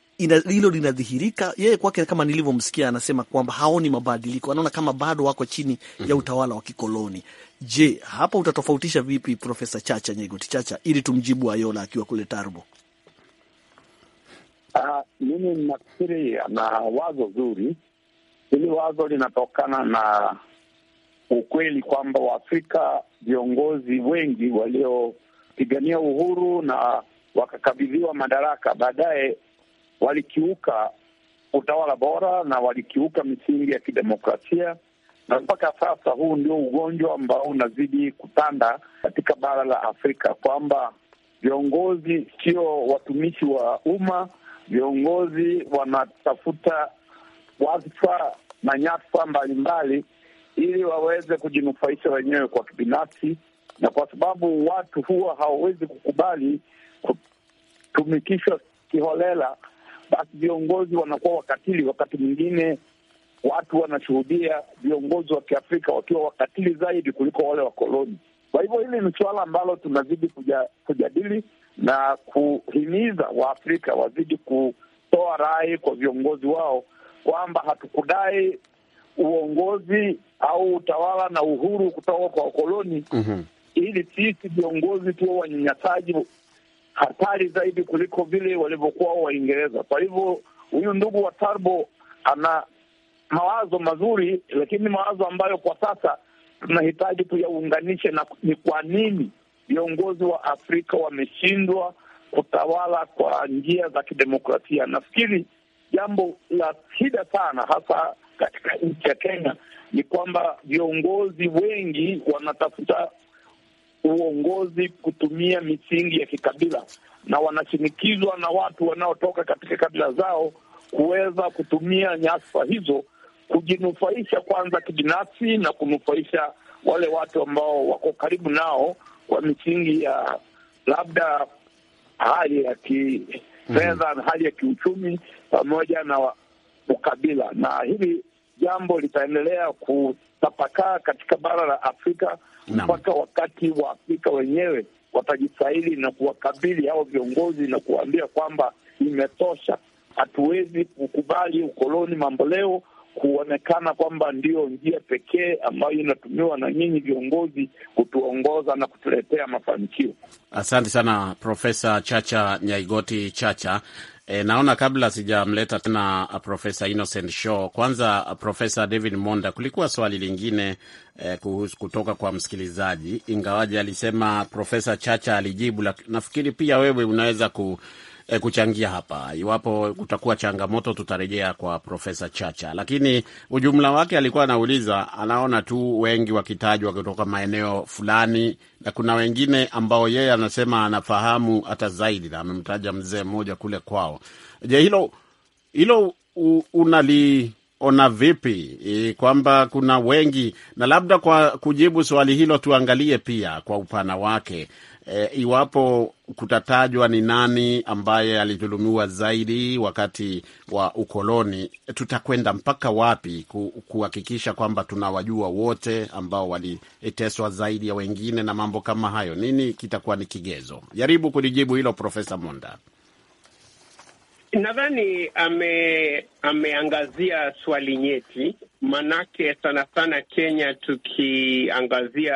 hilo linadhihirika yeye kwake, kama nilivyomsikia, anasema kwamba haoni mabadiliko, anaona kama bado wako chini ya mhm. utawala wa kikoloni. Je, hapa utatofautisha vipi Profesa Chacha Nyegoti Chacha ili tumjibu Ayola akiwa kule Tarbo? Uh, mimi nafikiri na wazo zuri hili. Wazo linatokana na ukweli kwamba Waafrika viongozi wengi waliopigania uhuru na wakakabidhiwa madaraka baadaye walikiuka utawala bora na walikiuka misingi ya kidemokrasia, na mpaka sasa huu ndio ugonjwa ambao unazidi kutanda katika bara la Afrika, kwamba viongozi sio watumishi wa umma, viongozi wanatafuta wadhifa na nyadhifa mbalimbali ili waweze kujinufaisha wenyewe kwa kibinafsi, na kwa sababu watu huwa hawawezi kukubali kutumikishwa kiholela basi viongozi wanakuwa wakatili. Wakati mwingine watu wanashuhudia viongozi wa Kiafrika wakiwa wakatili zaidi kuliko wale wakoloni. Kwa hivyo hili ni suala ambalo tunazidi kuja, kujadili na kuhimiza Waafrika wazidi kutoa rai kwa viongozi wao kwamba hatukudai uongozi au utawala na uhuru kutoka kwa wakoloni mm -hmm. ili sisi viongozi tuwe wanyanyasaji hatari zaidi kuliko vile walivyokuwa Waingereza. Kwa hivyo huyu ndugu wa Tarbo ana mawazo mazuri, lakini mawazo ambayo kwa sasa tunahitaji tuyaunganishe na ni kwa nini viongozi wa Afrika wameshindwa kutawala kwa njia za kidemokrasia. Nafikiri jambo la shida sana hasa katika nchi ya Kenya ni kwamba viongozi wengi wanatafuta uongozi kutumia misingi ya kikabila, na wanashinikizwa na watu wanaotoka katika kabila zao kuweza kutumia nyasa hizo kujinufaisha kwanza kibinafsi na kunufaisha wale watu ambao wako karibu nao kwa misingi ya labda hali ya kifedha mm-hmm. hali ya kiuchumi pamoja na ukabila, na hili jambo litaendelea kutapakaa katika bara la Afrika mpaka wakati wa Afrika wenyewe watajistahili na kuwakabili hao viongozi na kuwaambia kwamba imetosha, hatuwezi kukubali ukoloni mambo leo kuonekana kwamba ndiyo njia pekee ambayo inatumiwa na nyinyi viongozi kutuongoza na kutuletea mafanikio. Asante sana Profesa Chacha Nyaigoti Chacha. E, naona kabla sijamleta tena Profesa Innocent Shaw, kwanza Profesa David Monda, kulikuwa swali lingine e, kutoka kwa msikilizaji, ingawaji alisema Profesa Chacha alijibu, nafikiri pia wewe unaweza ku e, kuchangia hapa. Iwapo kutakuwa changamoto, tutarejea kwa Profesa Chacha, lakini ujumla wake alikuwa anauliza, anaona tu wengi wakitajwa kutoka maeneo fulani na kuna wengine ambao yeye anasema anafahamu hata zaidi, na amemtaja mzee mmoja kule kwao. Je, hilo hilo unali ona vipi e, kwamba kuna wengi na labda kwa kujibu swali hilo tuangalie pia kwa upana wake E, iwapo kutatajwa ni nani ambaye alidhulumiwa zaidi wakati wa ukoloni, tutakwenda mpaka wapi kuhakikisha kwamba tunawajua wote ambao waliteswa zaidi ya wengine na mambo kama hayo? Nini kitakuwa ni kigezo? Jaribu kulijibu hilo Profesa Monda. Nadhani ame, ameangazia swali nyeti, manake sana sana Kenya tukiangazia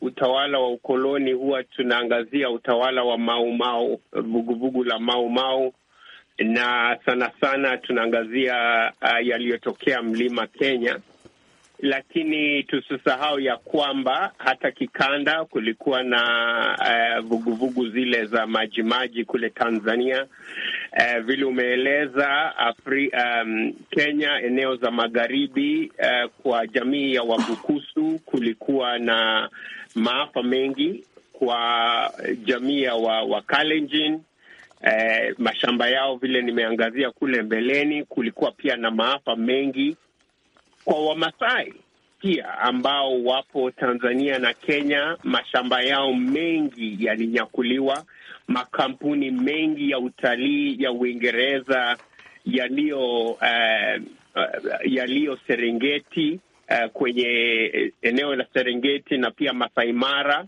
utawala wa ukoloni huwa tunaangazia utawala wa maumau, vuguvugu la maumau na sana sana tunaangazia uh, yaliyotokea mlima Kenya lakini tusisahau ya kwamba hata kikanda kulikuwa na eh, vuguvugu uh, vugu zile za majimaji kule Tanzania. Uh, vile umeeleza Afri, um, Kenya, eneo za magharibi, uh, kwa jamii ya Wabukusu kulikuwa na maafa mengi kwa jamii ya wa, wa Kalenjin. Uh, mashamba yao vile nimeangazia kule mbeleni, kulikuwa pia na maafa mengi kwa Wamasai pia ambao wapo Tanzania na Kenya, mashamba yao mengi yalinyakuliwa. Makampuni mengi ya utalii ya Uingereza yaliyo uh, yaliyo Serengeti uh, kwenye eneo la Serengeti na pia Masai Mara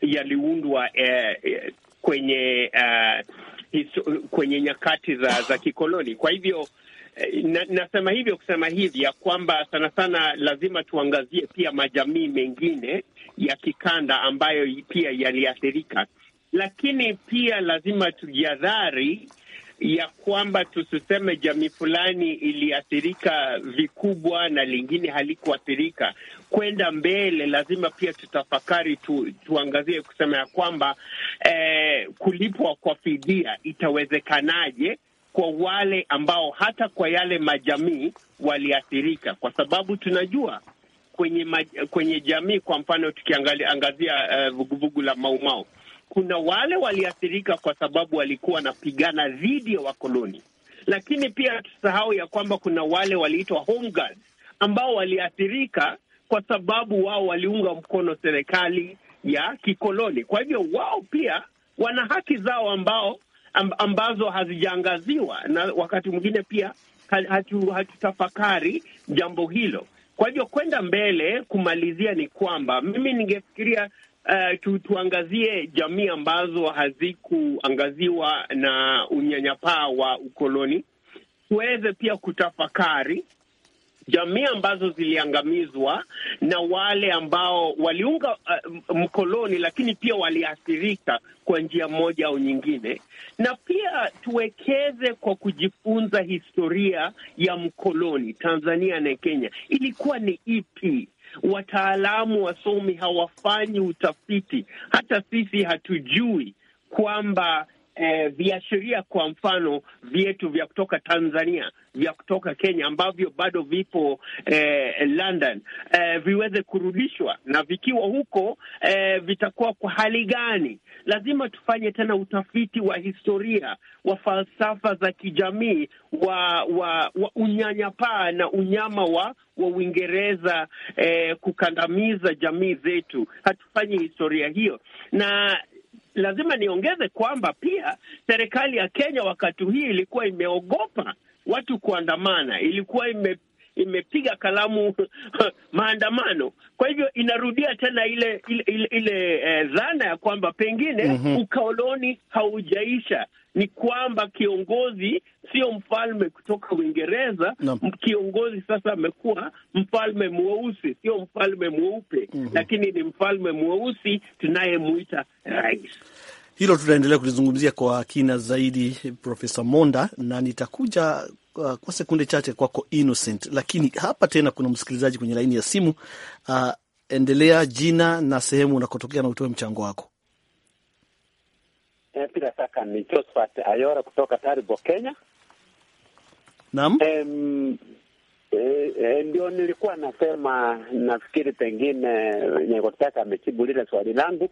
yaliundwa yali uh, kwenye uh, kwenye nyakati za, za kikoloni. Kwa hivyo Eh, na, nasema hivyo kusema hivi ya kwamba sana sana lazima tuangazie pia majamii mengine ya kikanda ambayo pia yaliathirika, lakini pia lazima tujiadhari ya kwamba tusiseme jamii fulani iliathirika vikubwa na lingine halikuathirika. Kwenda mbele, lazima pia tutafakari tu, tuangazie kusema ya kwamba eh, kulipwa kwa fidia itawezekanaje? kwa wale ambao hata kwa yale majamii waliathirika, kwa sababu tunajua kwenye maj kwenye jamii, kwa mfano tukiangazia eh, vuguvugu uh, la Maumau, kuna wale waliathirika kwa sababu walikuwa wanapigana dhidi ya wakoloni, lakini pia tusahau ya kwamba kuna wale waliitwa home guards ambao waliathirika kwa sababu wao waliunga mkono serikali ya kikoloni. Kwa hivyo wao pia wana haki zao ambao ambazo hazijaangaziwa, na wakati mwingine pia hatutafakari hatu jambo hilo. Kwa hivyo kwenda mbele, kumalizia ni kwamba mimi ningefikiria Uh, tu, tuangazie jamii ambazo hazikuangaziwa na unyanyapaa wa ukoloni, tuweze pia kutafakari jamii ambazo ziliangamizwa na wale ambao waliunga uh, mkoloni, lakini pia waliathirika kwa njia moja au nyingine. Na pia tuwekeze kwa kujifunza historia ya mkoloni Tanzania na Kenya ilikuwa ni ipi. Wataalamu wasomi hawafanyi utafiti, hata sisi hatujui kwamba eh, viashiria kwa mfano vyetu vya kutoka Tanzania vya kutoka Kenya ambavyo bado vipo eh, London eh, viweze kurudishwa, na vikiwa huko eh, vitakuwa kwa hali gani? Lazima tufanye tena utafiti wa historia, wa falsafa za kijamii, wa wa, wa unyanyapaa na unyama wa wa Uingereza eh, kukandamiza jamii zetu. Hatufanyi historia hiyo, na lazima niongeze kwamba pia serikali ya Kenya wakati hii ilikuwa imeogopa watu kuandamana, ilikuwa ime imepiga kalamu maandamano. Kwa hivyo inarudia tena ile ile, ile, ile eh, dhana ya kwamba pengine mm -hmm. ukoloni haujaisha ni kwamba kiongozi sio mfalme kutoka Uingereza no. Kiongozi sasa amekuwa mfalme mweusi, sio mfalme mweupe mm -hmm. Lakini ni mfalme mweusi tunayemwita rais. Hilo tutaendelea kulizungumzia kwa kina zaidi, Profesa Monda, na nitakuja kwa, kwa sekunde chache kwako Innocent, lakini hapa tena kuna msikilizaji kwenye laini ya simu uh, endelea jina na sehemu unakotokea na utoe mchango wako. E, bila shaka ni Josephat Ayora kutoka Taribo, Kenya. Naam. Um, E, e, ndio nilikuwa nasema, nafikiri pengine Nyaigotaka amejibu lile swali langu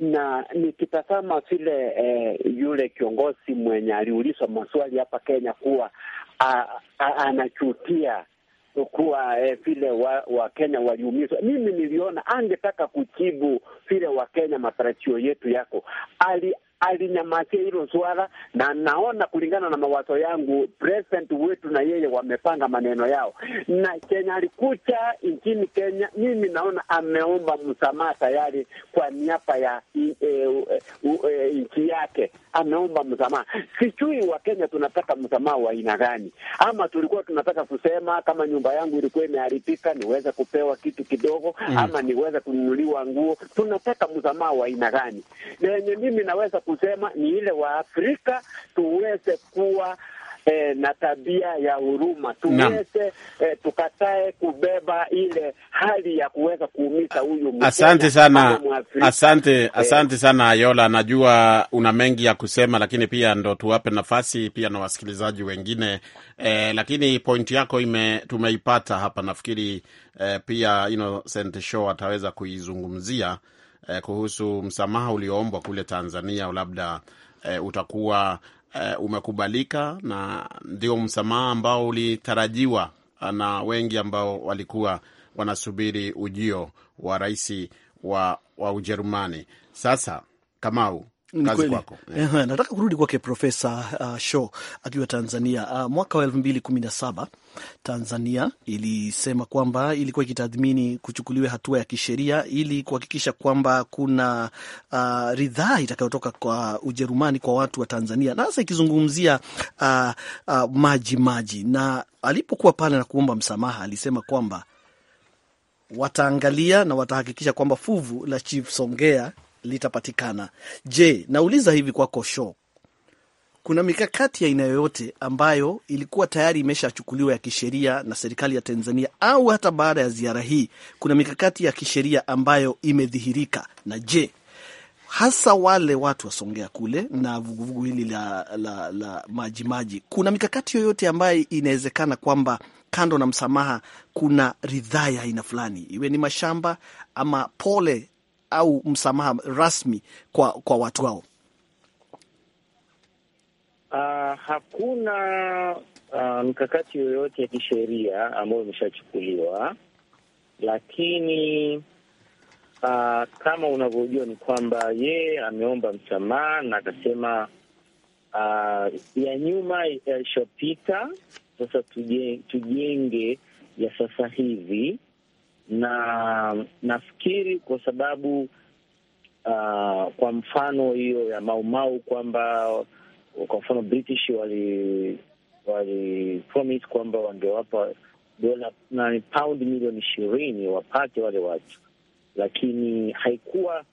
na nikitazama vile eh, yule kiongozi mwenye aliulizwa maswali hapa Kenya kuwa anachutia kuwa eh, vile Wakenya wa waliumizwa, mimi niliona angetaka kujibu vile Wakenya matarajio yetu yako. Ali, alinyamasia hilo swala, na naona kulingana na mawazo yangu president wetu na yeye wamepanga maneno yao, na Kenya alikucha nchini Kenya, mimi naona ameomba msamaha tayari kwa niaba ya e, e, e, nchi yake, ameomba msamaha. Sijui Wakenya tunataka msamaha wa aina gani, ama tulikuwa tunataka kusema kama nyumba yangu ilikuwa imeharibika niweze kupewa kitu kidogo mm, ama niweze kununuliwa nguo. Tunataka msamaha wa aina gani? Lenye mimi naweza kusema ni ile Waafrika tuweze kuwa E, na tabia ya huruma tuweze e, tukatae kubeba ile hali ya kuweza kuumiza huyu. Asante sana, asante, eh. asante sana Ayola, najua una mengi ya kusema, lakini pia ndo tuwape nafasi pia na wasikilizaji wengine e, lakini pointi yako ime, tumeipata hapa nafikiri e, pia you know, Sente Show ataweza kuizungumzia eh, kuhusu msamaha ulioombwa kule Tanzania labda eh, utakuwa eh, umekubalika na ndio msamaha ambao ulitarajiwa na wengi ambao walikuwa wanasubiri ujio wa rais wa, wa Ujerumani. Sasa Kamau, Kazi Yeah. Eh, nataka kurudi kwake Profesa uh, Shaw akiwa Tanzania. Uh, mwaka wa elfu mbili kumi na saba Tanzania ilisema kwamba ilikuwa ikitathmini kuchukuliwe hatua ya kisheria ili kuhakikisha kwamba kuna uh, ridhaa itakayotoka kwa Ujerumani kwa watu wa Tanzania, na hasa ikizungumzia uh, uh, maji maji, na alipokuwa pale na kuomba msamaha alisema kwamba wataangalia na watahakikisha kwamba fuvu la Chief Songea litapatikana. Je, nauliza hivi kwako Sho, kuna mikakati ya aina yoyote ambayo ilikuwa tayari imeshachukuliwa ya kisheria na serikali ya Tanzania au hata baada ya ziara hii kuna mikakati ya kisheria ambayo imedhihirika? Na je hasa wale watu wasongea kule na vuguvugu hili la, la, la Majimaji, kuna mikakati yoyote ambayo inawezekana kwamba kando na msamaha, kuna ridhaa ya aina fulani, iwe ni mashamba ama pole au msamaha rasmi kwa kwa watu hao? Uh, ah, hakuna uh, ah, mkakati yoyote ya kisheria ambayo imeshachukuliwa, lakini uh, kama unavyojua ni kwamba yeye ameomba msamaha na akasema uh, ya nyuma yalishopita, sasa tujenge ya sasa hivi na nafikiri kwa sababu uh, kwa mfano hiyo ya Maumau kwamba kwa mfano British wali wali promise kwamba wangewapa dola na pound milioni ishirini wapate wale watu, lakini haikuwa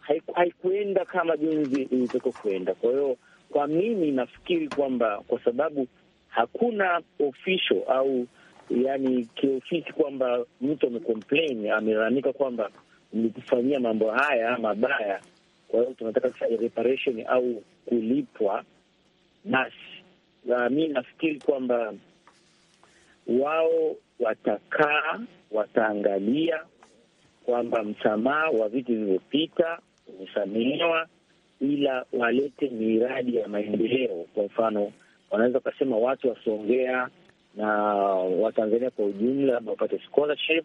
haiku, haikuenda kama jinsi ilitoka kuenda. Kwa hiyo kwa mimi nafikiri kwamba kwa sababu hakuna official au yani kiofisi kwamba mtu amecomplain, amelalamika kwamba mlikufanyia mambo haya mabaya, kwa hiyo tunataka kufanya reparation au kulipwa. Basi mi nafikiri kwamba wao watakaa, wataangalia kwamba msamaha wa vitu vilivyopita umesamehewa, ila walete miradi ya maendeleo. Kwa mfano, wanaweza wakasema watu wa Songea na Watanzania kwa ujumla labda wapate scholarship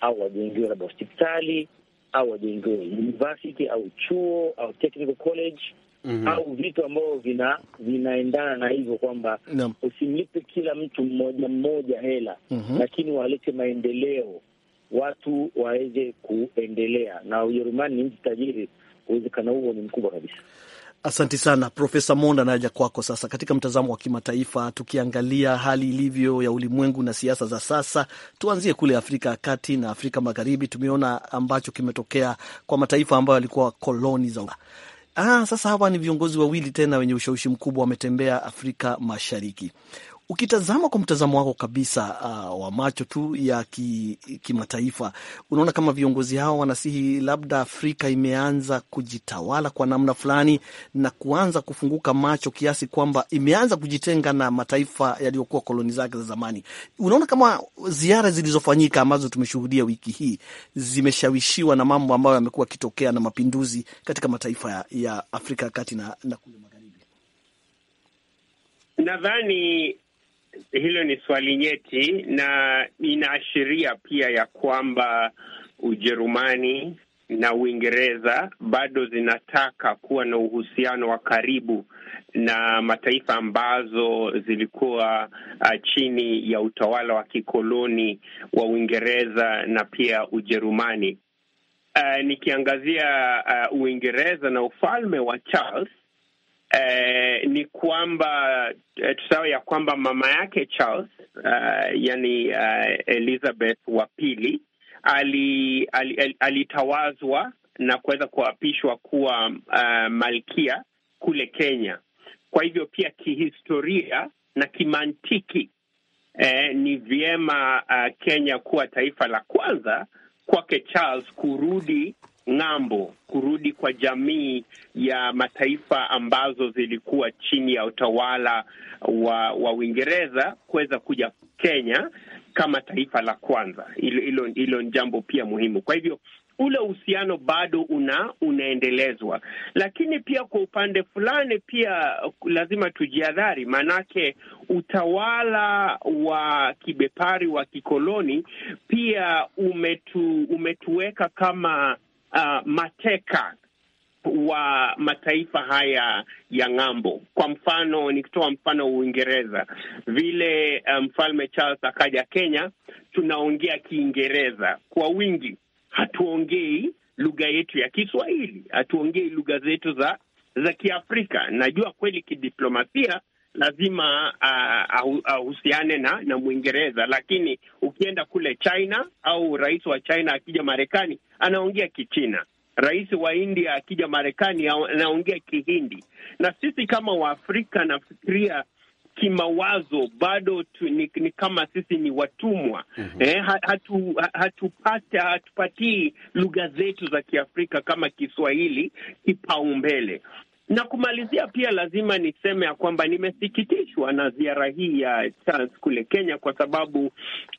au wajengiwe labda hospitali au wajengiwe university au chuo au technical college. Mm -hmm. Au vitu ambavyo vina vinaendana na hivyo kwamba no. Usimlipe kila mtu mmoja mmoja hela mm -hmm. Lakini walete maendeleo, watu waweze kuendelea, na Ujerumani ni nchi tajiri, uwezekano huo ni mkubwa kabisa. Asanti sana Profesa Monda, naja kwako sasa. Katika mtazamo wa kimataifa, tukiangalia hali ilivyo ya ulimwengu na siasa za sasa, tuanzie kule Afrika ya Kati na Afrika Magharibi. Tumeona ambacho kimetokea kwa mataifa ambayo yalikuwa koloni za Ah, sasa hawa ni viongozi wawili tena wenye ushawishi mkubwa wametembea Afrika Mashariki. Ukitazama kwa mtazamo wako kabisa, uh, wa macho tu ya kimataifa ki unaona kama viongozi hao wanasihi labda Afrika imeanza kujitawala kwa namna fulani na kuanza kufunguka macho kiasi kwamba imeanza kujitenga na mataifa yaliyokuwa koloni zake za zamani. Unaona kama ziara zilizofanyika ambazo tumeshuhudia wiki hii zimeshawishiwa na mambo ambayo yamekuwa akitokea na mapinduzi katika mataifa ya Afrika ya kati na, na kule magharibi. Nadhani hilo ni swali nyeti na inaashiria pia ya kwamba Ujerumani na Uingereza bado zinataka kuwa na uhusiano wa karibu na mataifa ambazo zilikuwa uh, chini ya utawala wa kikoloni wa Uingereza na pia Ujerumani. Uh, nikiangazia uh, Uingereza na ufalme wa Charles eh, ni kwamba eh, tusahau ya kwamba mama yake Charles uh, yani uh, Elizabeth wa pili ali, ali, ali, alitawazwa na kuweza kuapishwa kuwa uh, malkia kule Kenya. Kwa hivyo pia kihistoria na kimantiki eh, ni vyema uh, Kenya kuwa taifa la kwanza kwake Charles kurudi ng'ambo kurudi kwa jamii ya mataifa ambazo zilikuwa chini ya utawala wa wa Uingereza kuweza kuja Kenya kama taifa la kwanza. Hilo ni jambo pia muhimu. Kwa hivyo ule uhusiano bado una unaendelezwa, lakini pia kwa upande fulani pia lazima tujihadhari, maanake utawala wa kibepari wa kikoloni pia umetu, umetuweka kama uh, mateka wa mataifa haya ya ng'ambo. Kwa mfano, nikitoa mfano Uingereza, vile uh, mfalme um, Charles akaja Kenya, tunaongea Kiingereza kwa wingi, hatuongei lugha yetu ya Kiswahili, hatuongei lugha zetu za za Kiafrika. Najua kweli kidiplomasia lazima ahusiane uh, na na Mwingereza, lakini ukienda kule China au rais wa China akija Marekani anaongea Kichina, rais wa India akija Marekani anaongea Kihindi, na sisi kama Waafrika nafikiria kimawazo bado tu, ni, ni kama sisi ni watumwa mm -hmm. Eh, hatu, hatupata hatupatii lugha zetu za Kiafrika kama Kiswahili kipaumbele. Na kumalizia pia lazima niseme ya kwamba nimesikitishwa na ziara hii ya Charles kule Kenya, kwa sababu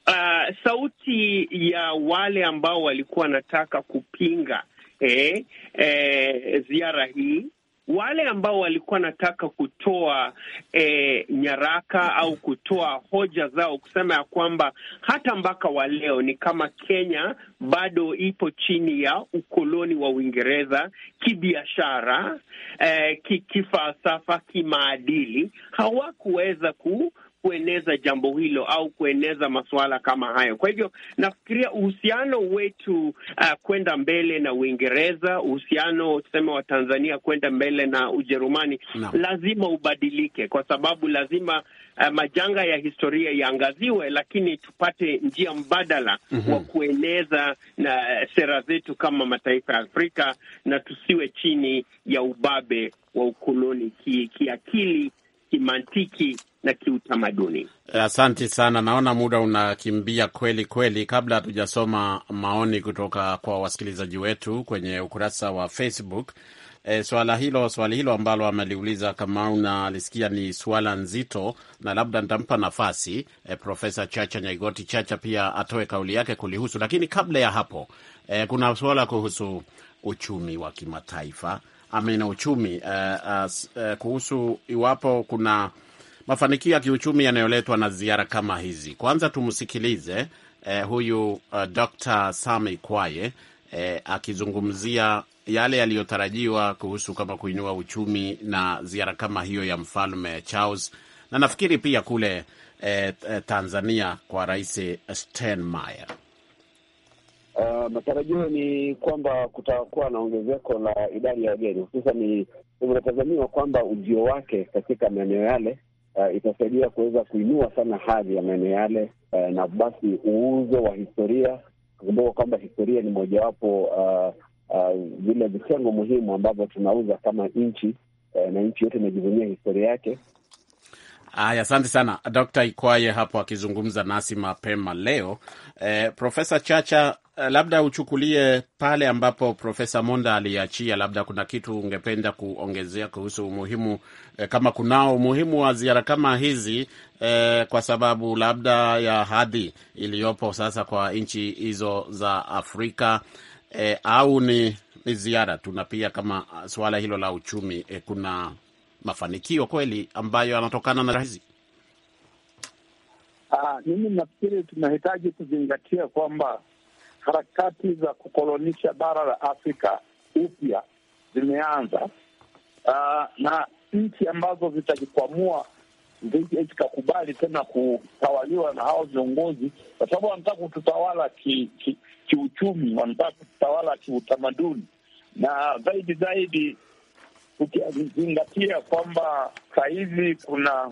uh, sauti ya wale ambao walikuwa wanataka kupinga eh, eh, ziara hii wale ambao walikuwa nataka kutoa e, nyaraka au kutoa hoja zao kusema ya kwamba hata mpaka wa leo ni kama Kenya bado ipo chini ya ukoloni wa Uingereza kibiashara, e, kifalsafa, kimaadili hawakuweza ku kueneza jambo hilo au kueneza masuala kama hayo. Kwa hivyo nafikiria uhusiano wetu uh, kwenda mbele na Uingereza, uhusiano tuseme wa Tanzania kwenda mbele na Ujerumani no. lazima ubadilike, kwa sababu lazima uh, majanga ya historia yaangaziwe, lakini tupate njia mbadala mm -hmm. wa mhm. kueneza na uh, sera zetu kama mataifa ya Afrika na tusiwe chini ya ubabe wa ukoloni kiakili ki kimantiki na kiutamaduni. Asante sana, naona muda unakimbia kweli kweli. Kabla hatujasoma maoni kutoka kwa wasikilizaji wetu kwenye ukurasa wa Facebook, e, swala hilo swali hilo ambalo ameliuliza Kamau na alisikia ni swala nzito, na labda nitampa nafasi e, Profesa Chacha Nyaigoti Chacha pia atoe kauli yake kulihusu, lakini kabla ya hapo e, kuna swala kuhusu uchumi wa kimataifa amina uchumi uh, uh, uh, kuhusu iwapo kuna mafanikio ya kiuchumi yanayoletwa na ziara kama hizi. Kwanza tumsikilize eh, huyu uh, eh, Dr. Sami Kwaye eh, akizungumzia yale yaliyotarajiwa kuhusu kama kuinua uchumi na ziara kama hiyo ya Mfalme Charles na nafikiri pia kule eh, eh Tanzania kwa Rais Steinmeier. Uh, matarajio ni kwamba kutakuwa na ongezeko la idadi ya wageni, hususan inavyotazamiwa kwamba ujio wake katika maeneo yale uh, itasaidia kuweza kuinua sana hadhi ya maeneo yale, uh, na basi uuzo wa historia, kukumbuka kwamba historia ni mojawapo uh, eh, uh, vile vitengo muhimu ambavyo tunauza kama nchi uh, na nchi yote imejivunia historia yake. Haya, asante sana Dkt. Ikwaye hapo akizungumza nasi mapema leo. Eh, Profesa Chacha, Eh, labda uchukulie pale ambapo Profesa Monda aliachia, labda kuna kitu ungependa kuongezea kuhusu umuhimu eh, kama kunao umuhimu wa ziara kama hizi eh, kwa sababu labda ya hadhi iliyopo sasa kwa nchi hizo za Afrika eh, au ni, ni ziara tuna pia kama suala hilo la uchumi eh, kuna mafanikio kweli ambayo yanatokana na hizi ah, mimi nafikiri tunahitaji kuzingatia kwamba harakati za kukolonisha bara la Afrika upya zimeanza, uh, na nchi ambazo zitajikwamua zikakubali tena kutawaliwa na hao viongozi, kwa sababu wanataka kututawala ki, ki, kiuchumi, wanataka kututawala kiutamaduni, na zaidi zaidi ukizingatia kwamba sahizi kuna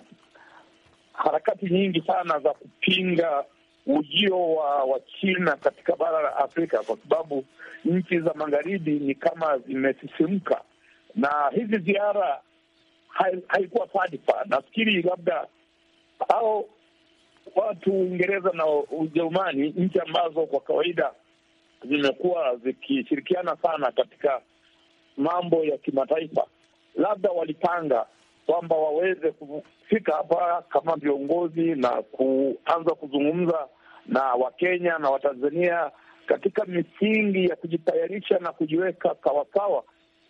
harakati nyingi sana za kupinga ujio wa china katika bara la Afrika, kwa sababu nchi za magharibi ni kama zimesisimka, na hizi ziara haikuwa sadifa. Nafikiri labda au watu Uingereza na Ujerumani, nchi ambazo kwa kawaida zimekuwa zikishirikiana sana katika mambo ya kimataifa, labda walipanga kwamba waweze kufika hapa kama viongozi na kuanza kuzungumza na Wakenya na Watanzania katika misingi ya kujitayarisha na kujiweka sawasawa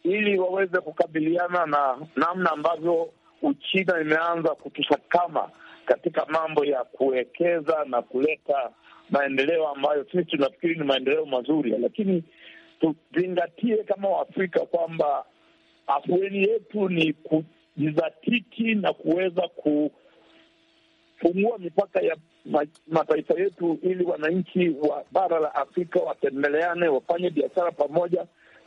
ili waweze kukabiliana na namna ambavyo Uchina imeanza kutusakama katika mambo ya kuwekeza na kuleta maendeleo ambayo sisi tunafikiri ni maendeleo mazuri, lakini tuzingatie kama Waafrika kwamba afueni yetu ni kujizatiti na kuweza kufungua mipaka ya mataifa yetu, ili wananchi wa bara la Afrika watembeleane, wafanye biashara pamoja.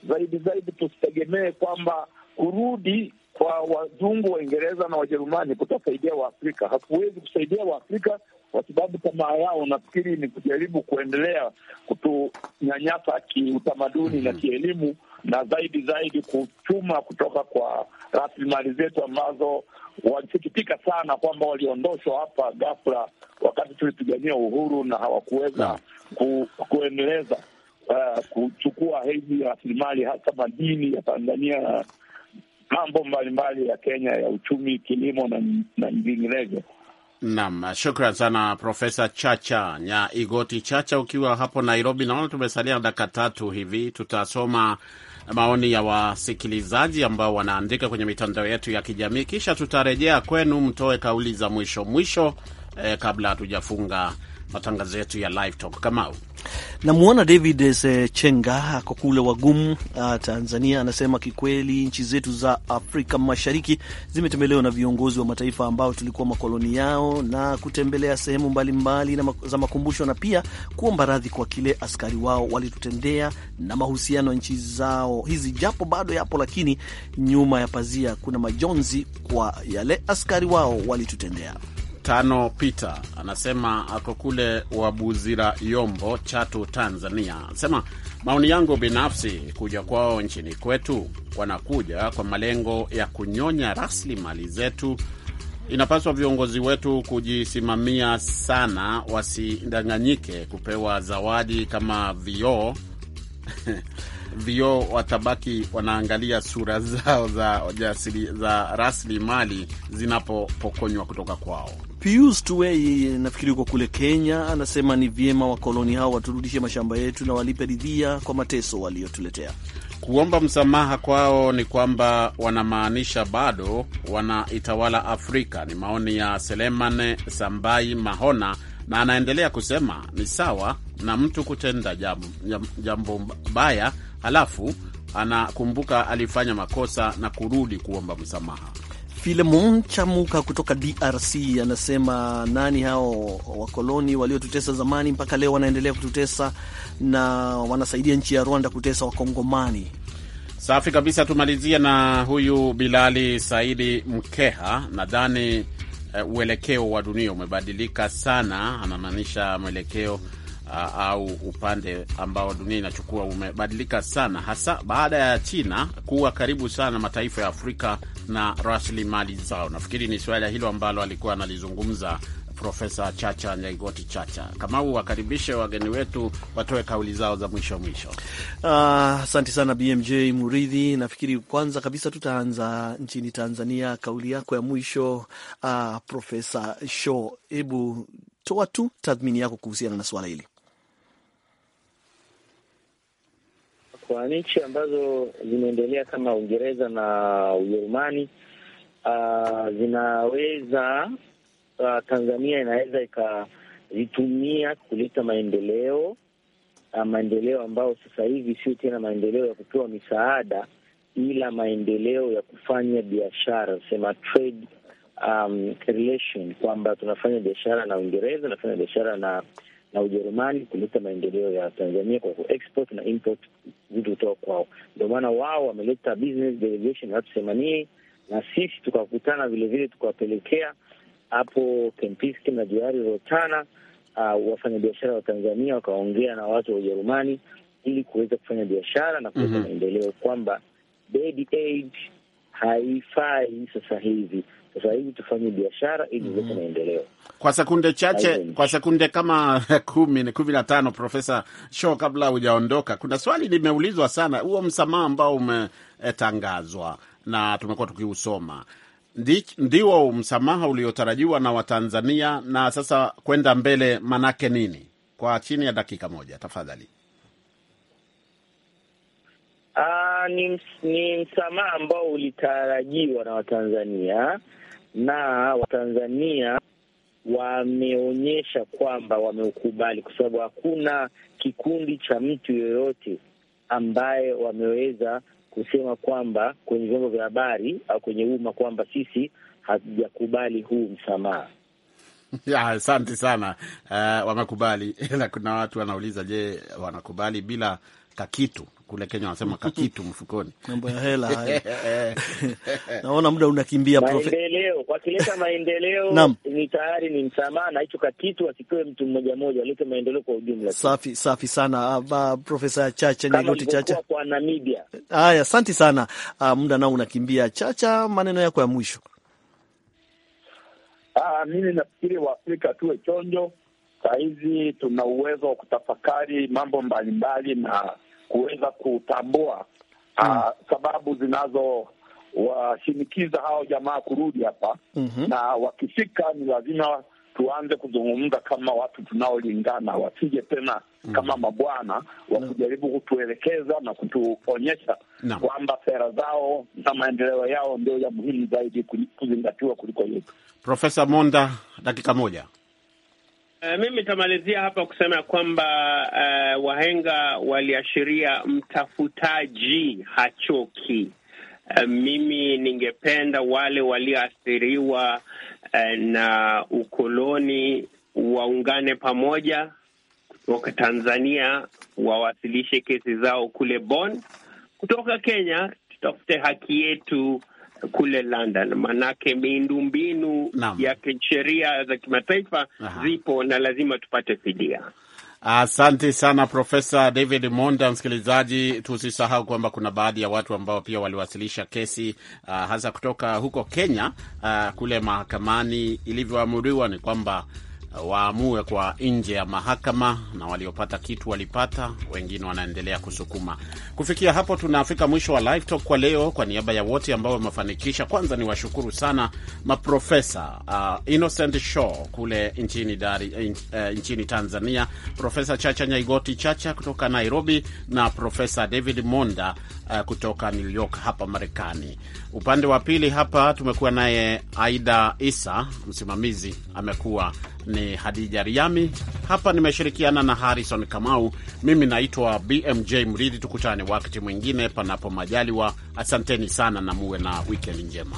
Zaidi zaidi, tusitegemee kwamba kurudi kwa wazungu, Waingereza na Wajerumani kutasaidia Waafrika. Hakuwezi kusaidia Waafrika kwa sababu tamaa yao nafikiri ni kujaribu kuendelea kutunyanyasa kiutamaduni mm -hmm. na mhm. kielimu na zaidi zaidi kuchuma kutoka kwa rasilimali zetu ambazo walisikitika sana kwamba waliondoshwa hapa ghafla wakati tulipigania uhuru na hawakuweza ku, kuendeleza uh, kuchukua hizi rasilimali hasa madini ya Tanzania na mambo mbalimbali ya Kenya ya uchumi, kilimo na nyinginezo. Nam, shukran sana Profesa Chacha Nyaigoti Chacha, ukiwa hapo Nairobi. Naona tumesalia dakika tatu hivi, tutasoma maoni ya wasikilizaji ambao wanaandika kwenye mitandao yetu ya kijamii, kisha tutarejea kwenu mtoe kauli za mwisho mwisho, eh, kabla hatujafunga matangazo yetu ya live talk. Kamau namwona David eh, Sechenga ako kule wagumu ah, Tanzania, anasema kikweli, nchi zetu za Afrika Mashariki zimetembelewa na viongozi wa mataifa ambao tulikuwa makoloni yao na kutembelea sehemu mbalimbali mbali za makumbusho na pia kuomba radhi kwa kile askari wao walitutendea na mahusiano ya nchi zao hizi, japo bado yapo, lakini nyuma ya pazia kuna majonzi kwa yale askari wao walitutendea. Tano Peter anasema ako kule Wabuzira Yombo, Chatu, Tanzania. Anasema maoni yangu binafsi, kuja kwao nchini kwetu, wanakuja kwa malengo ya kunyonya rasilimali zetu. Inapaswa viongozi wetu kujisimamia sana, wasidanganyike kupewa zawadi kama vioo vioo watabaki wanaangalia sura zao za, za, za rasilimali zinapopokonywa kutoka kwao. Pius Tuwei, nafikiri uko kule Kenya, anasema ni vyema wakoloni hao waturudishe mashamba yetu na walipe ridhia kwa mateso waliotuletea. Kuomba msamaha kwao ni kwamba wanamaanisha bado wanaitawala Afrika. Ni maoni ya Selemane Sambai Mahona, na anaendelea kusema ni sawa na mtu kutenda jambo, jambo baya halafu anakumbuka alifanya makosa na kurudi kuomba msamaha. Filemon Chamuka kutoka DRC anasema nani hao wakoloni waliotutesa zamani mpaka leo wanaendelea kututesa na wanasaidia nchi ya Rwanda kutesa Wakongomani. Safi kabisa. Tumalizie na huyu Bilali Saidi Mkeha, nadhani eh, uelekeo wa dunia umebadilika sana, anamaanisha mwelekeo uh, au upande ambao dunia inachukua umebadilika sana, hasa baada ya China kuwa karibu sana mataifa ya Afrika na rasilimali zao. Nafikiri ni suala hilo ambalo alikuwa analizungumza Profesa Chacha Nyaigoti Chacha. Kama wakaribishe wageni wetu watoe kauli zao za mwisho mwisho. Ah, asante uh, sana BMJ Muridhi. Nafikiri kwanza kabisa tutaanza nchini Tanzania. Kauli yako ya mwisho uh, Profesa Sho, hebu toa tu tathmini yako kuhusiana na swala hili. kwa nchi ambazo zimeendelea kama Uingereza na Ujerumani uh, zinaweza uh, Tanzania inaweza ikazitumia kuleta maendeleo uh, maendeleo ambayo sasa hivi sio tena maendeleo ya kupewa misaada, ila maendeleo ya kufanya biashara, sema trade um, relation, kwamba tunafanya biashara na Uingereza, tunafanya biashara na na Ujerumani kuleta maendeleo ya Tanzania kwa kuexport na import vitu kutoka kwao. Ndio maana wao wameleta business delegation watu themanini na sisi tukakutana vilevile, tukawapelekea hapo Kempinski na Johari Rotana uh, wafanyabiashara wa Tanzania wakaongea na watu wa Ujerumani ili kuweza kufanya biashara na kuleta mhm. maendeleo mm -hmm. kwamba Baby haifai sasa hivi sasa hivi tufanye biashara ili mm -hmm. maendeleo. Kwa sekunde chache, kwa sekunde kama kumi kumi na tano, Profesa Shaw, kabla hujaondoka, kuna swali limeulizwa sana, huo msamaha ambao umetangazwa na tumekuwa tukiusoma ndio msamaha uliotarajiwa na Watanzania na sasa kwenda mbele manake nini? Kwa chini ya dakika moja tafadhali. Aa, ah, ni, ni msamaha ambao ulitarajiwa na Watanzania na Watanzania wameonyesha kwamba wameukubali, kwa sababu hakuna kikundi cha mtu yoyote ambaye wameweza kusema kwamba kwenye vyombo vya habari au kwenye umma kwamba sisi hatujakubali huu msamaha. Asante sana. Uh, wamekubali, ila kuna watu wanauliza, je, wanakubali bila kakitu? kule Kenya wanasema kakitu mfukoni, mambo ya hela Naona muda unakimbia profe. Maendeleo wakileta maendeleo ni tayari ni msamaha, na hicho kakitu asikiwe mtu mmoja mmoja, walete maendeleo kwa ujumla. Safi safi sana, ah, Profesa Chacha Nyaigoti Chacha kwa Namibia. Haya, asante sana, ah, muda nao unakimbia. Chacha, maneno yako ya mwisho. Ah, mimi nafikiri Waafrika tuwe chonjo. Saa hizi tuna uwezo wa kutafakari mambo mbalimbali na kuweza kutambua mm. uh, sababu zinazowashinikiza hao jamaa kurudi hapa mm -hmm. na wakifika ni lazima tuanze kuzungumza kama watu tunaolingana, wasije tena mm. kama mabwana wa hmm. kujaribu kutuelekeza na kutuonyesha no. kwamba sera zao na maendeleo yao ndio ya muhimu zaidi kuzingatiwa kuliko yetu. Profesa Monda, dakika moja. Uh, mimi nitamalizia hapa kusema kwamba uh, wahenga waliashiria mtafutaji hachoki. Uh, mimi ningependa wale walioathiriwa uh, na ukoloni waungane pamoja kutoka Tanzania, wawasilishe kesi zao kule Bonn. Kutoka Kenya tutafute haki yetu kule London, manake mbinu ya kisheria za kimataifa zipo na lazima tupate fidia. Asante sana Profesa David Monda. Msikilizaji, tusisahau kwamba kuna baadhi ya watu ambao pia waliwasilisha kesi uh, hasa kutoka huko Kenya uh, kule mahakamani. Ilivyoamuriwa ni kwamba waamue kwa nje ya mahakama, na waliopata kitu walipata, wengine wanaendelea kusukuma. Kufikia hapo, tunafika mwisho wa live talk kwa leo. Kwa niaba ya wote ambao wamefanikisha, kwanza ni washukuru sana maprofesa uh, Innocent Shaw kule nchini, dari, uh, nchini Tanzania, Profesa Chacha Nyaigoti Chacha kutoka Nairobi na Profesa David Monda uh, kutoka New York hapa Marekani. Upande wa pili hapa tumekuwa naye Aida Isa, msimamizi amekuwa ni Hadija Riami. Hapa nimeshirikiana na Harrison Kamau. Mimi naitwa BMJ Mridhi. Tukutane wakati mwingine, panapo majaliwa. Asanteni sana na muwe na wikendi njema.